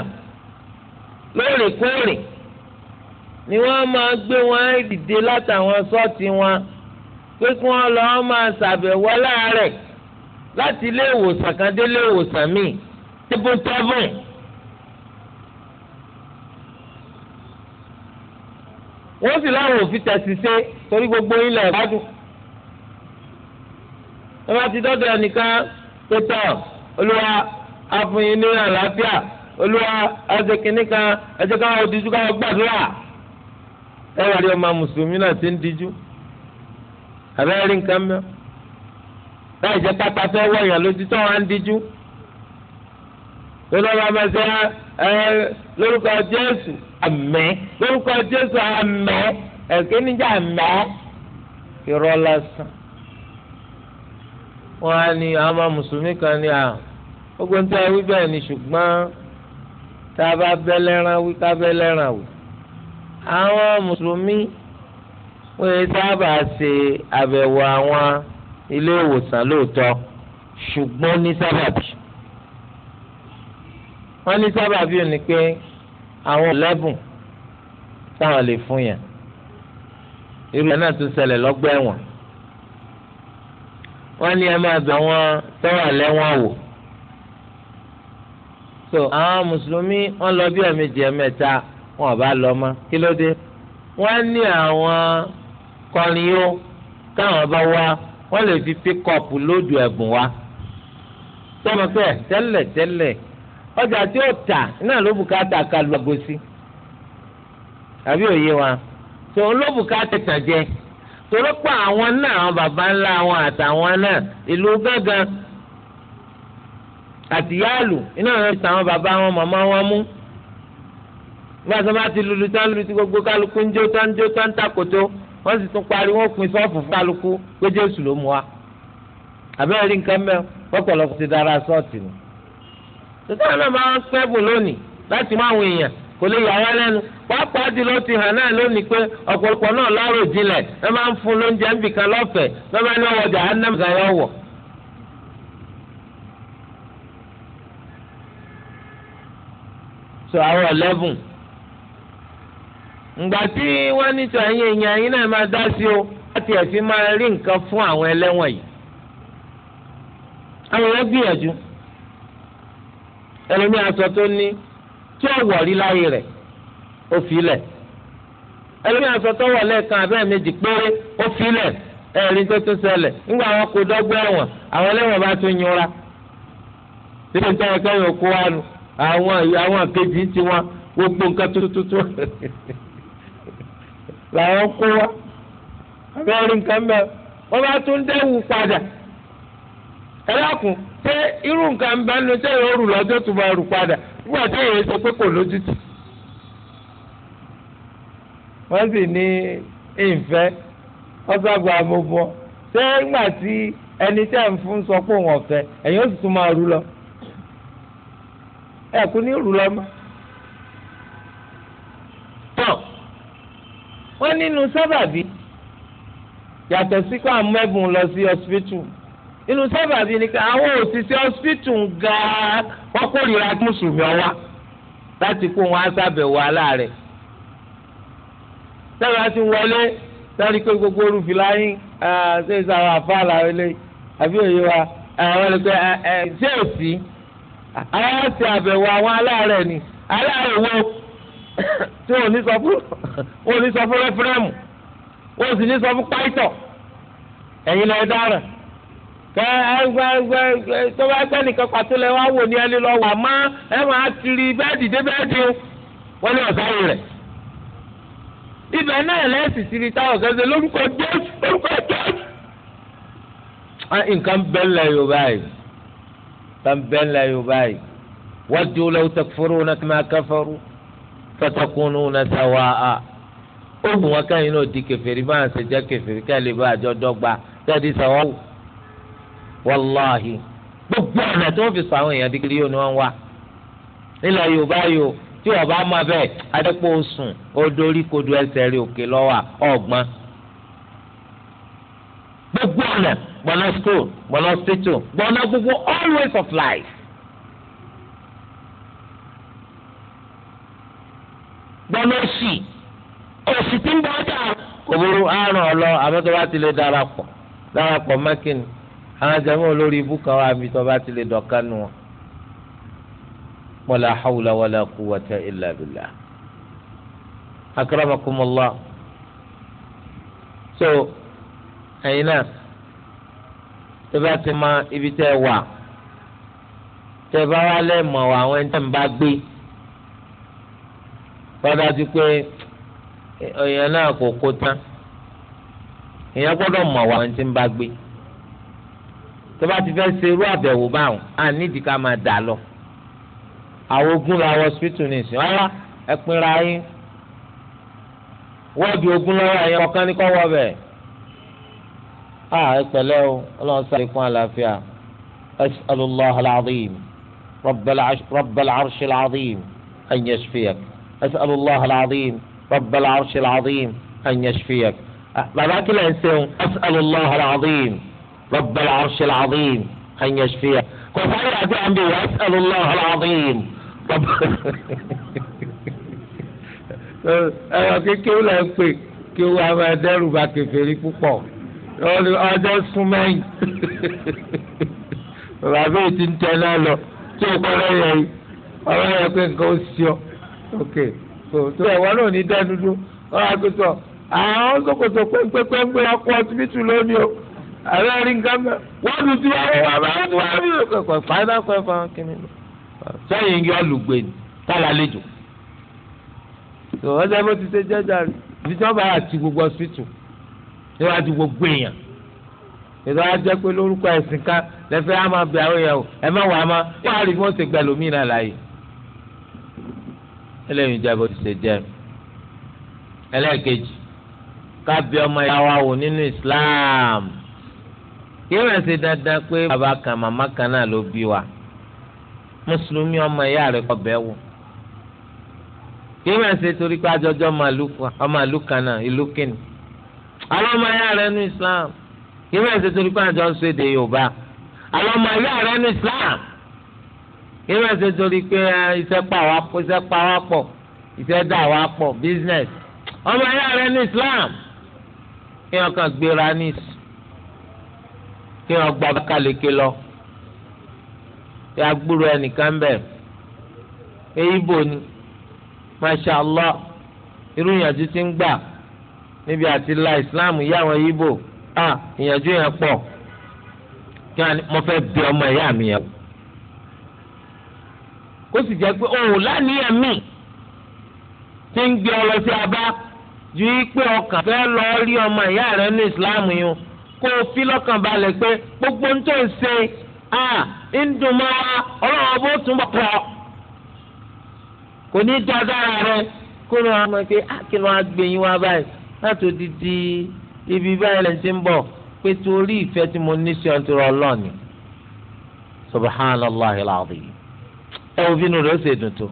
ni wọ́n máa gbé wọn dìde látàwọn sọ́ọ̀tì wọn pé kí wọ́n lọ́ọ́ máa ṣàbẹ̀wò aláàárẹ̀ láti ilé ìwòsàn kan dé ilé ìwòsàn míì tẹ́bùtẹ́bùn. wọ́n sì láwọn òfin tẹ̀sí ṣe torí gbogbo ilẹ̀ ìbádùn. wọ́n bá ti dọ́dọ̀ ẹnìkan tó tọ̀ olúwa àfihàn ní àlàáfíà olúwa ọ̀sẹ̀ kìnnìkan ẹ̀jẹ̀ káwọn òdìjú káwọn gbàdúrà ẹ wà rí ọmọ mùsùlùmí náà ti ń dijú àbẹ́ rí nǹkan mọ́ láì jẹ́ pátá fẹ́ wọ̀nyàn lójú tó wà ń dijú lórí ọba máa ṣe ẹ lórúkọ Jésù àmẹ́ lórúkọ Jésù àmẹ́ ẹ̀kẹ́ níjà àmẹ́ irọ́ lásán wọ́n á ní àwọn mùsùlùmí kan ní àwọn gbogbo ń tẹ́ wí bẹ́ẹ̀ ni ṣùgbọ́n tá a bá bẹ́ lẹ́ràn wí ká bẹ́ lẹ́ràn wí àwọn mùsùlùmí wọ́n yẹ sábà ṣe àbẹ̀wò àwọn ilé ìwòsàn lóòótọ́ ṣùgbọ́n ní sábàbí wọ́n ní sábàbí ò ní pé àwọn ọ̀lẹ́bùn táwọn lè fún yàn irú ẹ̀ náà tún ṣẹlẹ̀ lọ́gbà ẹ̀wọ̀n wọ́n ní ẹ máa bẹ̀ wọ́n tọ́wọ́ lẹ́wọ̀n wò so àwọn mùsùlùmí wọ́n lọ bí ẹ̀mejì ẹ̀mẹ́ta wọn bá lọ mọ́ kí ló dé wọ́n ní àwọn kọrin yó káwọn bá wá wọ́n lè fi píkọ̀pù lójú ẹ̀bùn wa tọmọ pé tẹ́lẹ̀ tẹ́lẹ̀ ọjà tí ó tà náà ló bùkátà ká lu agosi àbí òye wa tó ló bùkátà tàn jẹ torópọ̀ àwọn náà àwọn baba ńlá wọn àtàwọn náà ìlú gángan àtìyáàlù iná rẹ̀ sàwọn baba wọn màmá wọn mú nke tí wọ́n bá ti lulu tán lulu tí gbogbo kálukú ń jó tán jó tán takoto wọ́n sì tún parí wọ́n pin sọ́ọ̀fù fún kálukú pé jésù ló mú wa àbẹ́rẹ́ rí nǹkan mẹ́ ọ̀pọ̀lọpọ̀ ti dára sọ́ọ̀tì ni. tètè máa ń sẹ́bù lónìí láti mú àwọn èèyàn kò lè lẹ́nu pàápàá ti hàn náà lónìí pé ọ̀pọ̀lọpọ̀ náà lọ́rọ̀ ẹ máa ń fún lóúnjẹ ń bìkan lọ́fẹ̀ẹ́ ngbà tí wọ́n ní sọ ẹ̀yin èèyàn yín náà máa dá sí o láti ẹ̀sìn máa rí nǹkan fún àwọn ẹlẹ́wọ̀n yìí. àwọn ẹ̀rọ gbìyànjú ẹlòmíì aṣọ tó ní tí ó rí láyé rẹ̀ ó fi lẹ̀ ẹlòmíì aṣọ tó wọ̀ lẹ́ẹ̀kan méjì péré ó tó tún nígbà wọn kò dọ́gbọ́ làwọn kó wa abẹ́rẹ́ nǹkan mẹ́ Ọ bá tún nde padà ẹlẹ́kùn irú nǹkan rù tó rù padà nígbà tí sọ pé kò lójútì wọ́n sì ní ìfẹ́ ọ̀sàgbà àbọ̀bọ̀ ṣé nígbà tí ẹni tẹ́ ń fún sọ pé òun ọ̀fẹ́ ẹ̀yin ó sì tún máa lọ ẹ̀kú ní wọ́n nínú sábàbí yàtọ̀ sí kó àmẹ́bùn lọ sí ọsibítù nínú sábàbí ni àwọn òṣìṣẹ́ ọsibítù ń ga wọ́n kórìíra mùsùlùmí ọwá láti kó wọn aṣàbẹ̀wò aláàrẹ̀ sẹ́wọ̀n ti wọlé sẹ́wọ̀n pé gbogbo olùfìlà yín ṣé ìṣàwọn àfa làwọn eléyìí àbí òye wa àwọn ẹlẹ́gbẹ́ ṣé òsì àwọn àṣàbẹ̀wò àwọn aláàrẹ̀ ni aláàrẹ̀ wo. tí wọn ò ní sọ fún wọn ò ní sọ fún rẹfúrẹmù wọn ò sì ní sọ fún pàìtọ ẹ̀yin lọ dára kẹ ẹgbẹ tọba ẹgbẹ nìkan pàtó lẹ wá wò ní ẹni lọ wà má ẹ máa kiri bẹ́ẹ̀dì dé bẹ́ẹ̀dì o wọn ní ọsàrò rẹ ibẹ̀ náà lẹsì síbi táwọn kẹsẹ lórúkọ jésù lórúkọ jésù. nǹkan bẹ́ẹ̀ lẹ yorùbá yìí nǹkan bẹ́ẹ̀ lẹ yorùbá yìí wọ́n ti wọ́n lọ́wọ́ tẹ̀kọ́fọ́rọ́ wọn kí wọ́n máa kẹ́fọ́rọ́ fatakununa sawa'a ó wù wọn káyìn náà di kèfèrí báyìí ṣe jẹ́ kèfèrí káyìn lè bá àjọ dọ́gba jáde sàwáwù wàláhì gbogbo ọ̀nà tí wọ́n fi sọ àwọn èèyàn dìgírí yóò ni wọ́n wà nílẹ̀ yorùbá yòó tí ọba máa bẹ́ẹ̀ adẹ́pọ̀ sùn ó dorí kodo ẹsẹ̀ rí òkè lọ́wà ọ̀gbọ́n gbogbo ọ̀nà gbọ́nà school gbọ́nà hospital gbọ́nà gbogbo all ways of life gbọ́nà òsì òsì tí ń bọ́ dà kò burú àrùn ọ̀lọ́ àbẹ́tọ́ bá ti lè darapọ̀ darapọ̀ mẹ́kìnnì àwọn jẹ́mọ́ olórí ibú kan wà mí tó bá ti lè nù wọn. wala hawla wala quwwata illa billah akramakumullah so ẹ̀yin náà tó bá ti mọ ibi tẹ́ wà tẹ́ bá wà lẹ́ẹ̀mọ̀ àwọn ẹni tẹ́ ń bá gbé lọ́dà ti pé èèyàn náà kò kó tán èèyàn gbọ́dọ̀ mọ̀ wá ohun tí ń bá gbé tó bá ti fẹ́ ṣe irú àbẹ̀wò báwọn á nídìí ká máa dà lọ àwọn ogun la hospital nìsín ọ̀la ẹ pinra yín wọ́ọ̀dù ogun lọ́wọ́ ẹ̀yàn ọ̀kan ní kọ́ bẹ̀ á ẹ o ọlọ́run sáré fún àlàáfíà as'alullah al-azim rabbal arshil azim an yashfiyak. أسأل الله العظيم رب العرش العظيم أن يشفيك باباك الإنسان أسأل الله العظيم رب العرش العظيم أن يشفيك أسأل الله العظيم رب ẹ̀rọ أيوة، ok so tó ẹ̀wọ́ náà ní dá dúdú ọ̀rọ̀ àgùntàn àwọn ṣòkòtò pẹ́ńpẹ́ńpẹ́ ọkọ̀ ọtúbítù lónìí o àwọn ẹ̀rín gánmẹ́ wọ́n dùn sí wọn wọ́n bá wọn wá bí kò fàdá kọ́ ẹ̀fọ́ kìnnì sẹ́yìn yọ lùgbè tálà lẹ́jọ́ tó ọjọ́ bó ti ṣe jẹ́jà rí ibi tí wọ́n bá ti gbogbo ọsibítù níwájú gbogbo èèyàn ètò ajẹ́ pé lórúkọ ẹ̀sìn ká lẹ́fẹ̀ẹ́ á máa bẹ àwọn èèyàn ẹ má wàá má wọ́n á rí bí wọ́n ṣe gbẹ lómìnira láàyè eléyìí jẹ́ bó ti ṣe jẹ́ ẹlẹ́ẹ̀kejì kábí ọmọ ìyá wa wò nínú Islam kí wọ́n ṣe dandan pé bàbá kan màmá kan náà ló bí wa mùsùlùmí ọmọ ìyá rẹ̀ kọ́ bẹ́ẹ̀ wò kí wọ́n ṣe torí pé àjọjọ́ ọmọ ìlú kan náà ìlú kìnnì àwọn ìyá rẹ̀ nínú Islam kí wọ́n ṣe torí pé àjọ ń ṣe èdè Yorùbá àwọn ìyá rẹ̀ nínú Islam kí wọ́n ṣe torí pé iṣẹ́ pa wá pọ̀ iṣẹ́ pa wá pọ̀ iṣẹ́ dà wá pọ̀ business ọmọ ẹ̀yà rẹ ní Islam kí wọ́n kàn gbéra ní kí wọ́n gba kálíkì lọ kí agbúrò ẹnìkan bẹ̀ èyí bò ní masha Allah irú ìyànjú ti ń gbà níbi àti la Islam yá àwọn yìí bò ah ìyànjú yẹn pọ̀ kí wọ́n mo fẹ́ bí ọmọ ẹ̀yà mi yẹn kó sì jẹ́ pé òun lánìyàn míì ti ń gbé ọ lọ sí abá ju pé ọkàn fẹ́ lọ rí ọmọ ìyá rẹ ní ìsìláàmù yìí kó o fi lọ́kàn balẹ̀ pé gbogbo ń tó ń ṣe ń dùn mọ́ wa ọlọ́run bó tún bọ̀ pọ̀ kò ní dá dára rẹ kó ló wàá mọ̀ pé kí ló wàá gbé yín wá báyìí láti odidi ibi báyìí lẹ́yìn tí ń bọ̀ pé torí ìfẹ́ tí mo ní sí ọ̀ntúrọ̀ ọlọ́ọ̀ni subhanallah alazim ẹ wo bínú rẹ̀ ó ṣe dùn tó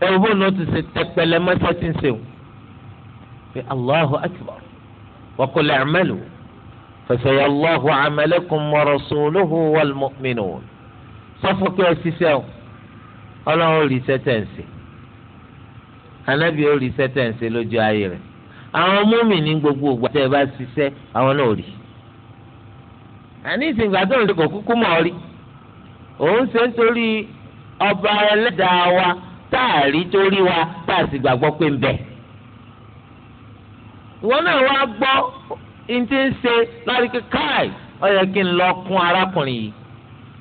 ẹ wo bóun ó ti ṣe tẹpẹlẹ mọ́sẹ́ tí ń ṣe o pé Allahu akbar wa qul i'malu fasaya Allahu 'amalakum wa rasuluhu wal mu'minun sọ́fọ́ pé ẹ ṣiṣẹ́ o ọlọ́run ó rí iṣẹ́ tẹ̀ ń ó rí iṣẹ́ lójú ayé rẹ̀ àwọn múmi ní gbogbo ìgbà tẹ́ ẹ bá ṣiṣẹ́ àwọn náà rí àní ìsìngbà tó ṣe kò kúkú mọ̀ ọ́ rí òun ṣe ń torí ọba ẹlẹ́dàá wa tá a rí torí wa tá a sì gbàgbọ́ pé ń bẹ. ìwọ náà wá gbọ́ n ti ń ṣe lórí kíkáì ó yẹ kí n lọ kún arákùnrin yìí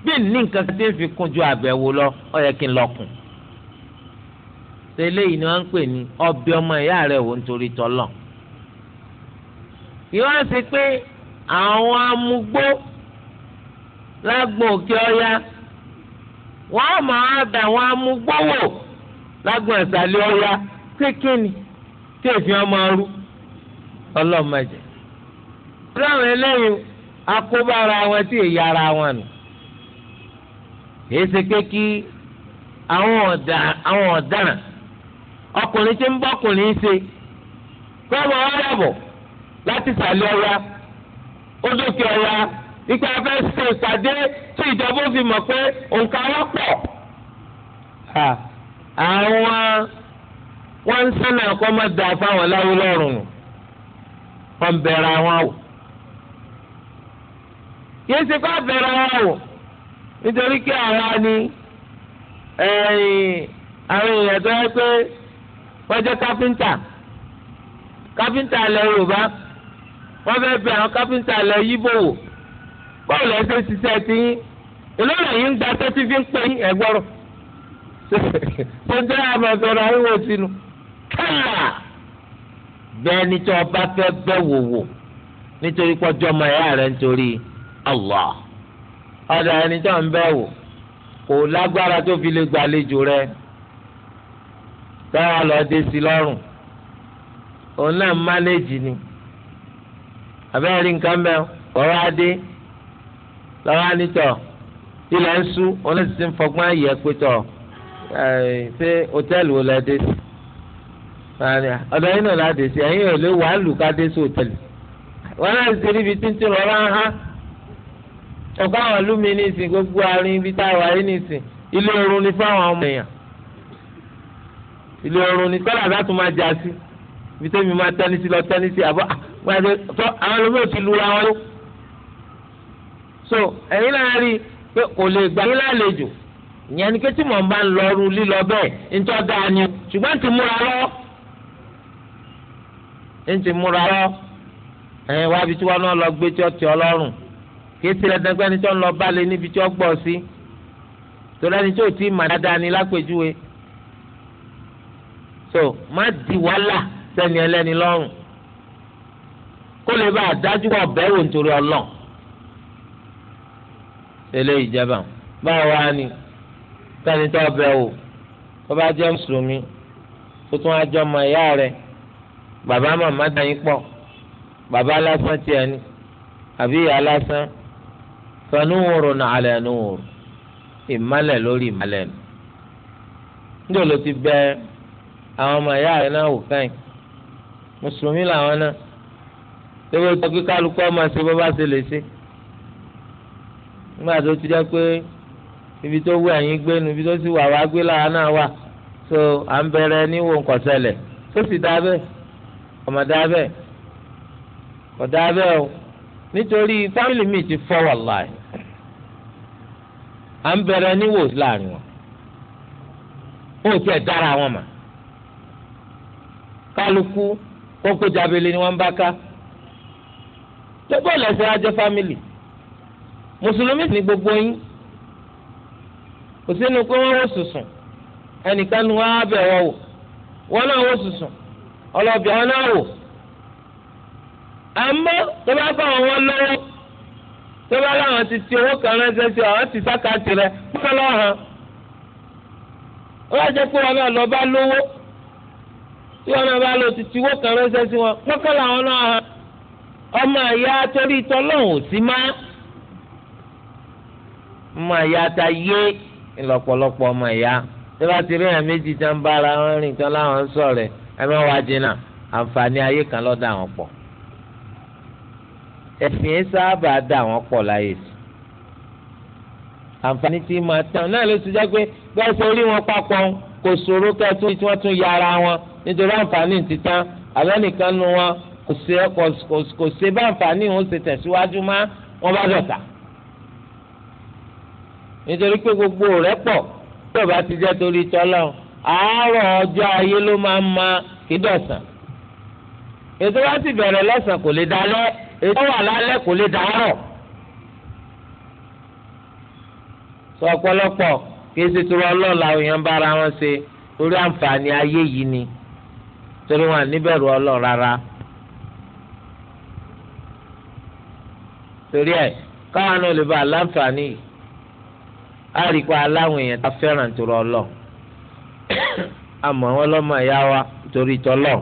bí ní nǹkan tí ń fi kún ju àbẹ̀wò lọ ó yẹ kí n lọ kún. tẹ́lẹ̀ yìí ni wọ́n ń pè ní ọbẹ̀ ọmọ ìyá rẹ̀ wò nítorí tọ́lọ̀. ìwọ́n ṣe pé àwọn amúgbó lágbọn òkè ọ̀yá wọ́n máa bẹ̀ wọ́n amúgbówò lágbọ̀n ìsàlẹ̀ ọ̀ya kékeré tí èfi wọn máa rú ọlọ́mọdé. eléyìí akóbá ara wọn tí èyí ara wọn nù. èyí kékeré àwọn ọ̀daràn ọkùnrin tí ń bọ́kùnrin ṣe kọ́ ọmọ wọn yàbọ̀ láti ìsàlẹ̀ ọ̀ya ó dókè ọ̀ya ṣe tí ìjọba ó fi mọ̀ pé òǹkà wọn pọ̀ àwọn wọn ń sẹ́nà kọ́ má da fáwọn láwùjọ lọ́rùn wọn bẹ̀rẹ̀ àwọn wò yìí ṣe kọ́ bẹ̀rẹ̀ àwọn wò nítorí kí àwa ni àwọn èèyàn tó yẹ pé wọ́n jẹ́ káfíńtà káfíńtà ilẹ̀ Yorùbá wọ́n fẹ́ bẹ káfíńtà ilẹ̀ yíbò wò bọ́ọ̀lù ẹ̀ṣẹ̀ ṣiṣẹ́ ti yín olóòlù yìí ń gba tẹ́tí fi ń pè é ẹ̀gbọ́rọ̀ tó jẹ́ àmọ̀sọ̀rọ̀ àríwó sínú kẹ́là bẹ́ẹ̀ ọba fẹ́ wò wò nítorí pọ́jọ́ ọmọ ẹ̀yà rẹ̀ nítorí Allah ọ̀dà ẹni tí ń wò kò lágbára tó fi lè gbàlejò rẹ lọ sí lọ́rùn òun náà mánéjì ni nǹkan ọ̀rọ̀ adé lọ́wọ́ ilẹ̀ ń sú oníṣìṣẹ́ ń fọgbọ́n ayẹ pé ṣé hòtẹ́ẹ̀lì wo la dé sí ọ̀dọ̀ yín náà la dé sí ẹ̀yin ò lè wàá lù ká dé sí hòtẹ́ẹ̀lì wọn náà ti rí títí rọra ń há ọ̀gá àwọn lumi ní ìsìn gbogbo àárín ibi tá a wà yín ní ìsìn ilé oorun ni fáwọn ọmọ èèyàn ilé oorun ni tọ́lá bá tún máa jà sí ibi tẹ́mi máa tẹ́nisí lọ tẹ́nisí àbọ̀ àwọn olómi ò ti lu àwọn ló so ẹ̀yin náà rí i pé kò lè gbà yín lálejò ìyẹn ni pé tí mò ń bá ń lọrù lílọ bẹ́ẹ̀ ntọ́ dáa ni ṣùgbọ́n ti múra lọ ntì múra lọ ẹ̀yìn wá bí tí wọ́n náà lọ gbé tí ó ti ọlọ́run kìí ti lẹ́dẹ́gbẹ́ ni tí wọ́n lọ bá lé níbi tí ó gbọ́ sí torí ẹni tí ò tí mà dáadáa ni lápèjúwe so má di wàhálà sẹ́ni ẹlẹ́ni lọ́rùn kó lè bá a dájú ọ̀bẹ́ wò nítorí ọlọ́run eléyìí jẹba báwo wá ni tani tó bẹ o tó bá jẹ́ mùsùlùmí tó tún á jọ ọmọ ìyá rẹ bàbá màmá dání pọ̀ bàbá lásán tiẹ̀ ni àbí ìyá lásán fanuworo na alẹ nuworo ìmálẹ lórí ìmálẹ nù ndé ló ti bẹ àwọn ọmọ ìyá rẹ náà wò káyìn mùsùlùmí làwọn náà lórí ìtọ́jú kálukú ọmọ ṣe bó bá ṣe lè ṣe. nígbà tó ti jẹ́ pé ibi tó wú ẹ̀yin gbé nu ibi tó sì wà wá gbé láwa náà wà so à ń bẹ̀rẹ̀ níwò nkọ̀sẹ̀lẹ̀ tó sì dá bẹ́ẹ̀ ọmọ dá bẹ́ẹ̀ kò dá o nítorí fámìlì mi ti fọ́ wàláì à ń bẹ̀rẹ̀ níwò láàrin wọn ó tiẹ̀ dára wọn mà kálukú kókó jábẹ́lẹ́ ni wọ́n bá ká tó bọ́ọ̀lù ẹ̀sẹ̀ ajẹ́ fámìlì. mùsùlùmí ni gbogbo yín kò sínú pé wọ́n wò sùsùn ẹnìkan wò wọ́n náà wò sùsùn ọlọ́bì wọn náà wò àmọ́ tó bá bá la lọ́wọ́ tó bá láwọn ti ti owó kan ránṣẹ́ sí ti sáka tirẹ̀ pọ́n lọ́hàn wọ́n á jẹ́ pé wọn náà lọ bá lówó tí wọn náà bá lọ ti ti owó kan sí wọn ọmọ ìyá ta yé ńlọ́pọ̀lọpọ̀ ọmọ ìyá tí wọ́n ti rí ẹ̀ méjì tán bára wọn rìn tán láwọn ń sọ̀rọ̀ ẹ má wá jìnnà àǹfààní ayé kan ló dà wọ́n pọ̀ ẹ̀sìn yẹn sábà dà wọ́n pọ̀ láyè sí àǹfààní tí máa tán náà ló ti jẹ́ pé bẹ́ẹ̀ sọ orí wọn papọ̀ kò ṣòro kẹ́tún tí wọ́n tún ya wọn nítorí àǹfààní ti tán àlọ́ nìkan nu wọn kò ṣe bá àǹfààní òun ṣe tẹ̀síwájú má wọ́n bá dọ̀tà nítorí pé gbogbo rẹ̀ pọ̀ tó bá ti jẹ́ torí tọ́lọ́ àárọ̀ ọjọ́ ayé ló máa ń ma kí dọ̀sán ètò bá ti bẹ̀rẹ̀ lọ́sàn kò lè dalẹ́ ètò wà lálẹ́ kò lè dàárọ̀ sọ ọ̀pọ̀lọpọ̀ kí ẹsẹ̀ tó rọ lọ́la òyìn bá ara wọn ṣe torí àǹfààní ayé yìí ni torí wọn níbẹ̀rù Ọlọ́run rárá. torí ẹ̀ káwọn náà lè bá a yìí. á rí i pé aláwọn èèyàn tá fẹ́ràn tó rọ lọ àmọ́ wọn lọ́mọ wa torí tọ́lọ̀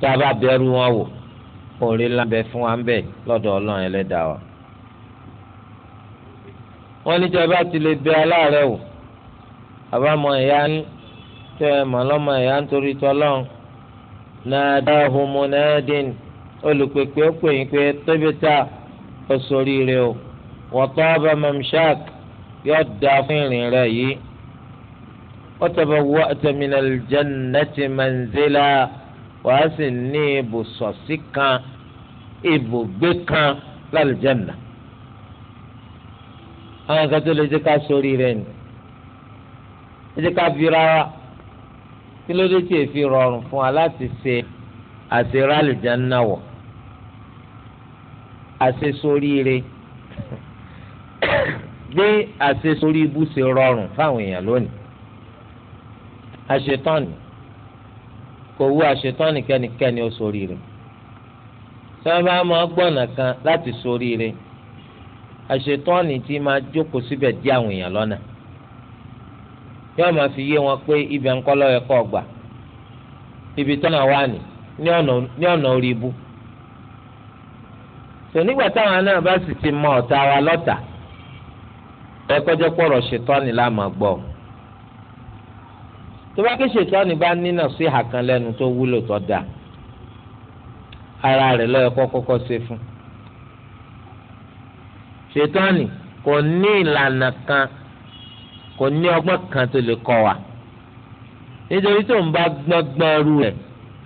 tá a bá bẹ̀rù wọn wò orí ńlá fún wa ń lọ́dọ̀ ọlọ́run ẹlẹ́dàá wa. wọ́n ní jọba ti lè bẹ aláàárẹ̀ wò ń tẹ ń torí náà náà dín yóò da fún ìrìn rẹ yìí wọ́n tẹ̀bẹ̀ wọ ẹ̀tẹ̀mínà jannati manzila wàá sì ní ibùsọ̀sí kan ibùgbé kan lálùjẹ́nà àwọn kan tó lè jẹ́ ká sórí rẹ̀ ni ẹ jẹ́ ká fira wa kí ló dé tí èéfi rọrùn fún wa láti ṣe àṣerá àlùjẹ́nà wọ̀ àṣesórí rẹ̀ gbé àṣẹ sórí ibú ṣe rọrùn fáwọn èèyàn lónìí àṣetọ́ni kò wú àṣetọ́ni kẹ́nikẹ́ni ó ṣoríire tí wọ́n bá máa gbọ́nà kan láti ṣoríire àṣetọ́ni tí máa jókòó síbẹ̀ dí àwọn èèyàn lọ́nà yóò máa fi yé wọn pé ibẹ̀ ń kọ́ lọ́yẹ kọ́ gbà ibi tọ́nà wà ní ní ọ̀nà orí ibú tò nígbà táwọn náà bá sì ti mọ ọ̀tá wa lọ́tàá. ẹkọjọ pọrọ ṣètọ́ni láàmú gbọ́ tó bá ké ṣètọ́ni bá nínà sí àkàn lẹ́nu tó wúlò tó dáa ara rẹ̀ lọ́yọ̀ kọ́kọ́kọ́ ṣe fún ṣètọ́ni kò ní ìlànà kan kò ní ọgbọ́n kan tó lè kọ́ wa nítorí tó ń bá gbọ́ngbọ́n ru rẹ̀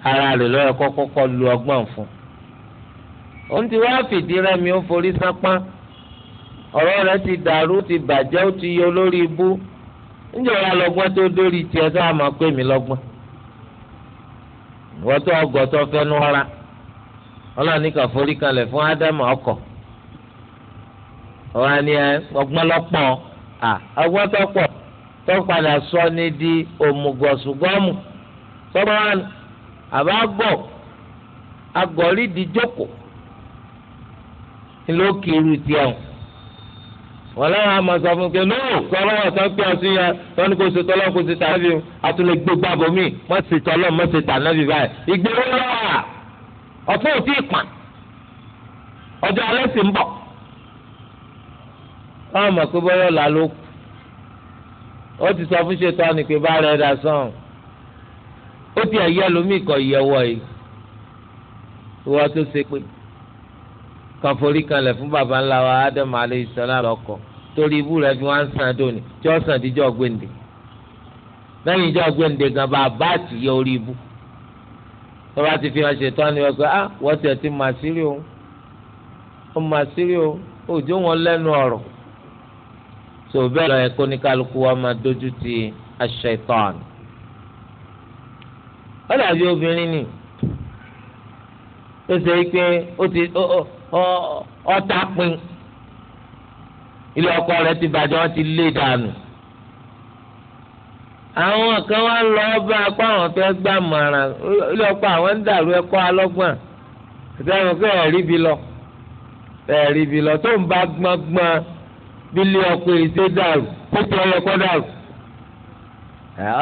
ara rẹ̀ lọ́yọ̀ kọ́kọ́kọ́ lu ọgbọ́n fún òun ti wá fìdí rẹmi ó forí sápá. ọ̀rọ̀ rẹ̀ ti dàrú ti bàjẹ́ ó ti yọ lórí ibú níjọba lọ́gbọ́n tó dórí tiẹ̀ tó àmọ́ pé mi lọ́gbọ́n wọ́n tó ọgọ́ tó fẹ́nu ọ̀ra fún ádámù ọkọ̀ ọ̀rọ̀ ni ọgbọ́n lọ́pọ̀ ọgbọ́n tó pọ̀ tó padà wọn lẹ́yìn àmọ́ sọ fún kí lóò sọ̀rọ̀ ọ̀sán pé ọ̀sìn yẹn wọn ni kò ṣe tọ́lọ́ kò ṣe tàbí àtúnlẹ̀ gbogbo àbòmí wọ́n ṣe tọ́lọ́ wọ́n ṣe tàbí báyìí ìgbéró lọ́wọ́ ọ̀fun ò tí ì pàn ọjọ́ alẹ́ sì ń bọ̀ wọn mọ̀ pé bọ́yọ̀ là ló kù ó ti sọ fún ṣètò ànìpé bá rẹ̀ dà sàn ó ti ẹ̀yẹ́ lómi ìkọ̀ ìyẹ̀wọ̀ yìí ìwọ tó ṣe pé kan forí kanlẹ̀ fún baba ńlá wa ádámù aleyhi sàlám lọ́kọ̀ torí ibú rẹ̀ fi wọ́n sàn dóni tí wọ́n sàn díjọ́ gbéǹde lẹ́yìn ìjọ́ gbéǹde gan bàbá àti yẹ orí ibú tọ́ba ti fi hàn ṣètò àná wọ́n pé ah wọ́n ti ẹ̀ ti mà sírí o ó mà sírí o òjò wọn lẹ́nu ọ̀rọ̀ tó bẹ́ẹ̀ lọ kó ní kálukú wa máa dójú ti aṣ-ṣaitan ó dàbí obìnrin ni ó ṣe é pé ó ti ó ó ọta pin ilé ọkọ rẹ̀ ti bàjẹ́ wọ́n ti lé dànù àwọn kan wá lọ bá apá àwọn fẹ́ gbà mọ̀ràn ilé ọkọ àwọn ń dàrú ẹ̀kọ́ alọ́gbọ̀n ìtẹ́wọ̀n pé ẹ̀rí bi lọ ẹ̀rí bi lọ tó ń bá gbọ́ngbọ́n bí ilé ọkọ yìí ṣe dàrú kó tó ọyọ kọ́ dàrú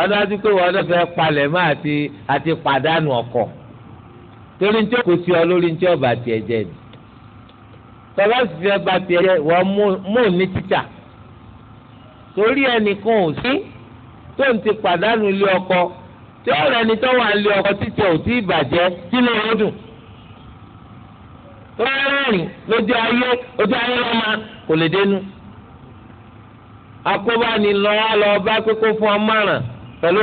ọdájú pé wọn fẹ́ palẹ̀ mọ́ àti àti pàdánù ọkọ torí ní tí o kò sí ọ lórí ní tí ọba tiẹ̀ jẹ́ ni. tọ́lá sì fẹ́ bá tiẹ̀ jẹ́ wọ́n mú ní torí ẹnìkan ò sí tó ń ti pàdánù ilé ọkọ tí ọ̀rọ̀ tó wà ọkọ títí ò tí ì bàjẹ́ sínú ọdún tó rẹ́rìn lójú ayé ojú ayé ọmọ kò lè dénú akóbá ni lọ wá lọ bá kókó fún pẹ̀lú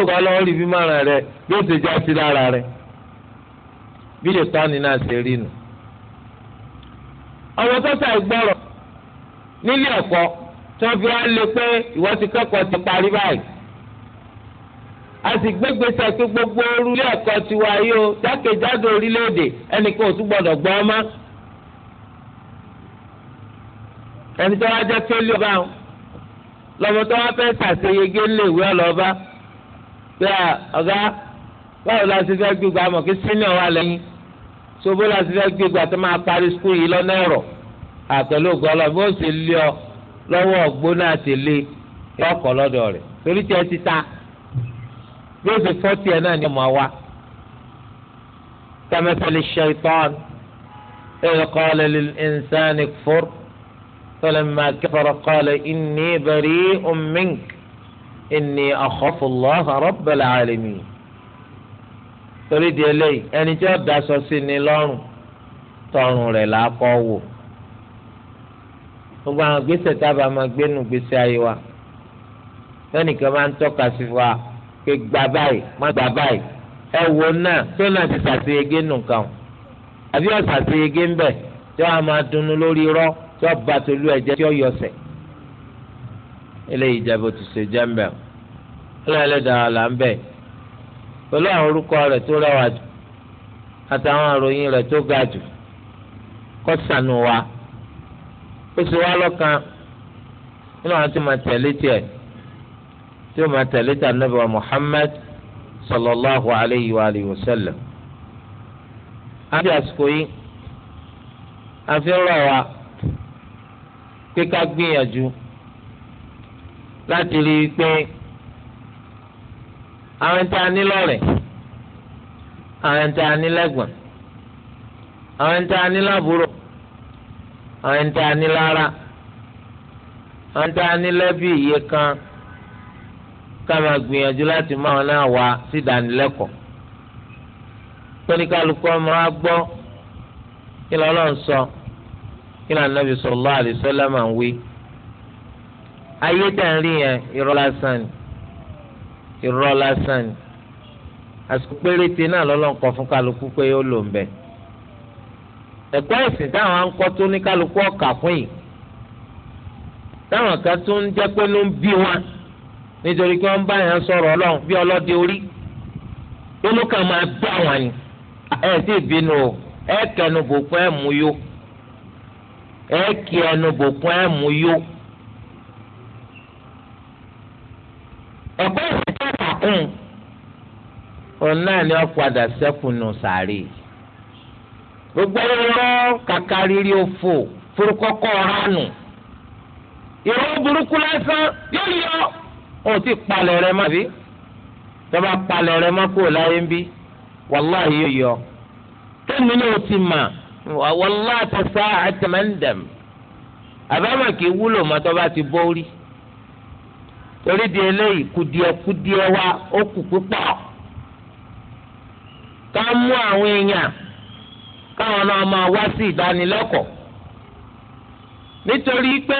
rí bí márùn rẹ ọ̀rọ̀ tọ́sà ìgbọ́rọ̀ nílé ẹ̀kọ́ tó fi wá lé pé ìwọ ti kẹ́kọ̀ọ́ ti parí báyìí a sì gbégbèsè pé gbogbo orú ilé ẹ̀kọ́ ti wá yìí o jákèjádò orílẹ̀-èdè ẹnìkan ò tún gbọ́dọ̀ gbọ́ ọ mọ́ ẹni tó wá jẹ́ tẹ́lẹ̀ ọba àwọn lọ́mọ tó wá fẹ́ sàṣeyege léèwé ọlọ́ba pé ọ̀gá báwo la ṣe fẹ́ gbégbá mọ̀ kí sínú ọ̀wá lẹ́yìn sobo la ti fẹ́ gbégbá tó máa parí skul yìí lọ́nà ẹ̀rọ àpẹlú ògbọ́lọ́ bó ṣe lé ọ lọ́wọ́ ọ̀gbọ́n náà ti lé ọkọ̀ lọ́dọ̀ rẹ̀ torí tiẹ̀ ti ta bí ó ṣe fọ́ tiẹ̀ náà ni ọmọ wa kàmẹ́tẹ̀lì ṣẹ̀tọ́n ẹ̀rọ kọ́lẹ̀ ìnsánì fúr فلما كفر قال إني بريء منك إني أخاف الله رب العالمين torí di eléyìí ẹni tí ó daṣọ sí ni lọ́rùn tọrùn rẹ̀ là á kọ́ wò gbogbo àwọn gbèsè tábà máa gbénu gbèsè ayé wa lẹ́nìkan máa ń tọ́ka sí wa pé gba báyìí má gba báyìí ẹ wo náà tó náà ti ṣàṣeyege nùkan o àbí ọ̀sà ṣeyege ń bẹ̀ tí wọ́n máa dunnú lórí irọ́ tí wọ́n bá tolú ẹ̀jẹ̀ tí ó yọsẹ̀ eléyìí jẹ́ bó ti ṣe jẹ́ ń bẹ̀ ọ́ ẹlẹ́dàá là ń bẹ̀ pẹ̀lú àwọn orúkọ rẹ̀ tó rẹwà jù àtàwọn àròyìn rẹ̀ tó ga jù kó wa ó sì wá lọ́kàn nínú àwọn tí máa tẹ̀lé tiẹ̀ tí ó máa tẹ̀lé tà nàbẹ̀ wa Muhammad sallallahu alayhi wa alayhi wa sallam. àti àsìkò yìí a fi ń rọ̀ wá pé ká gbìyànjú láti rí i àwọn ẹni tí a ní lọ́rẹ̀ àwọn ẹni tí a ní lẹ́gbọ̀n àwọn ẹni tí a ní lábúrò àwọn ẹni tí a ní lára àwọn ẹni tí a ní lẹ́bí iye kan ká máa gbìyànjú láti máa náà wá sí ìdánilẹ́kọ̀ọ́ tóníkàlùkọ́ máa gbọ́ kí lọ́lọ́ ń sọ kí lọ́n nàbì sallallahu alaihi máa ń wí ayé tẹ̀ ń rí yẹn ni. irọ́ lásán ni àsìkò péréte náà lọ́lọ́run kọ fún kálukú pé ó lò ń bẹ̀. ẹ̀kọ́ ẹ̀sìn táwọn ń kọ́ tó ní kálukú ọ̀kà fún yìí táwọn kan tó ń jẹ́ pé ló ń bí wọn nítorí pé wọ́n bá yẹn sọ̀rọ̀ ọlọ́run bí ọlọ́dẹ orí olókà máa bá wọn ni ẹ sì bínú o ẹ kẹnu bòkun ẹ mú yó ẹ kí ẹnu bòkun ẹ mú yó. ẹ̀kọ́ ẹ̀sìn. Mm. òun náà ni ó padà sẹ́kùnù sàárè gbogbo ẹ̀rọ kàkàrírí òfò forúkọ́kọ́ ránù ìró burúkú lásán yóò yọ ó ti palẹ̀ rẹ má bí bá palẹ̀ rẹ má kúrò láyé ń bí wàláhì yóò yọ tẹ́mi náà ti mà wàláhì tẹ̀sán àtẹ̀mẹ́ndẹ̀m àbámọ̀ kì í wúlò mọ́ bá ti bọ́ rí. torí di eléyìí kùdìẹ̀kùdìẹ̀ wa ó kù púpọ̀ ká mú àwọn èèyàn káwọn náà máa wá sí ìdánilẹ́kọ̀ọ́ nítorí pé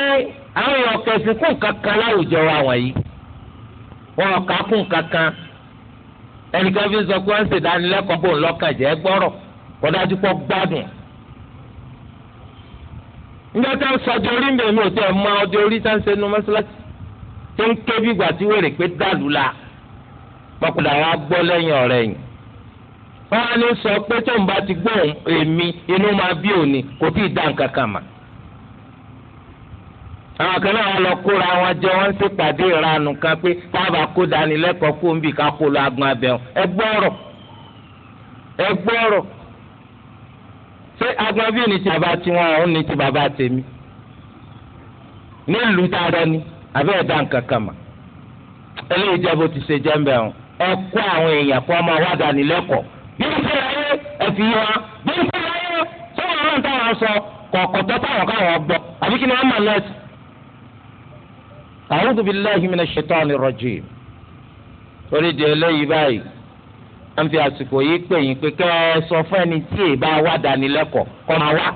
àwọn èèyàn kẹsìn kún kankan láwùjọ wa wọ̀nyí wọn kà kún kankan ẹnìkan fi ń sọ pé wọ́n ń bò ń gbọ́rọ̀ kó dájú pọ̀ gbádùn tá a sọ tó ń ké bí ìgbà tí wèrè pé dàlú la pọkùdà wa gbọ́ lẹ́yìn ọ̀rẹ́ yìí wọ́n á ní sọ pé tó ń bá ti gbọ́ èmi inú máa bí òní kò tí ì dá nǹkan kan mà àwọn kan náà wọn lọ kóra wọn jẹ wọn ṣèpàdé ìranù kan pé táàbà kó dánilẹ́kọ̀ọ́ kó ń bì ká kó lọ agbọn abẹ́hùn ẹ gbọ́rọ̀ ẹ gbọ́rọ̀ ṣé agbọn bí òní ti bàbá tiwọn òun ní ti bàbá tèmi nílùú tá a rẹ ni. Tibabati, àbẹ́ ẹ̀dá nǹkan kan mà eléyìí jẹ́ bó ti ṣe jẹ́ mbẹ́ o ẹ kó àwọn èèyàn kó ọmọ wa dání lẹ́kọ̀ọ́ bí wọ́n fẹ́ láyé ẹ fi yé wa bí wọ́n fẹ́ láyé sọ́wọ́n náà táwọn sọ kọ̀ọ̀kọ̀ táwọn káwọn gbọ́ àbí kí ni wọ́n mọ̀ lẹ́sì. di eléyìí báyìí à ń fi àsìkò yìí pè yín pé kẹ́ ẹ sọ fún ẹni tí ì bá wá dání lẹ́kọ̀ọ́ kọ́ máa wá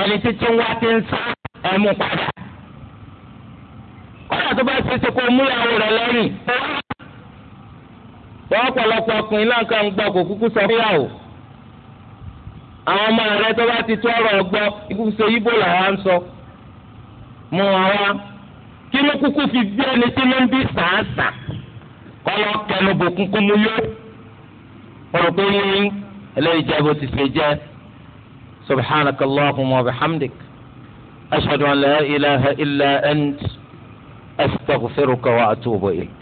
ẹni títí wá ti ń sá ẹ padà. kódà tó bá ṣe ṣe kó múyàwó rẹ̀ lẹ́rìn. wọ́n pọ̀lọpọ̀ ọkùnrin náà kàn ń gbọ́ kó kúkú sọ fúyàwó. àwọn ọmọ rẹ̀ tó bá ti tó ọ̀rọ̀ gbọ́ ikú ṣe yíbò làwọn ń sọ. mú wọn kí ló kúkú fi bí ẹni tí ló ń bí sàásà kọ́ lọ kẹnu bòkun kó mú yó. wọ́n rò pé yín eléyìí jẹ́ bó ti ṣe jẹ́ subhanakallahumma wa bihamdik ashhadu an la ilaha illa ant astaghfiruka wa atubu ilayk.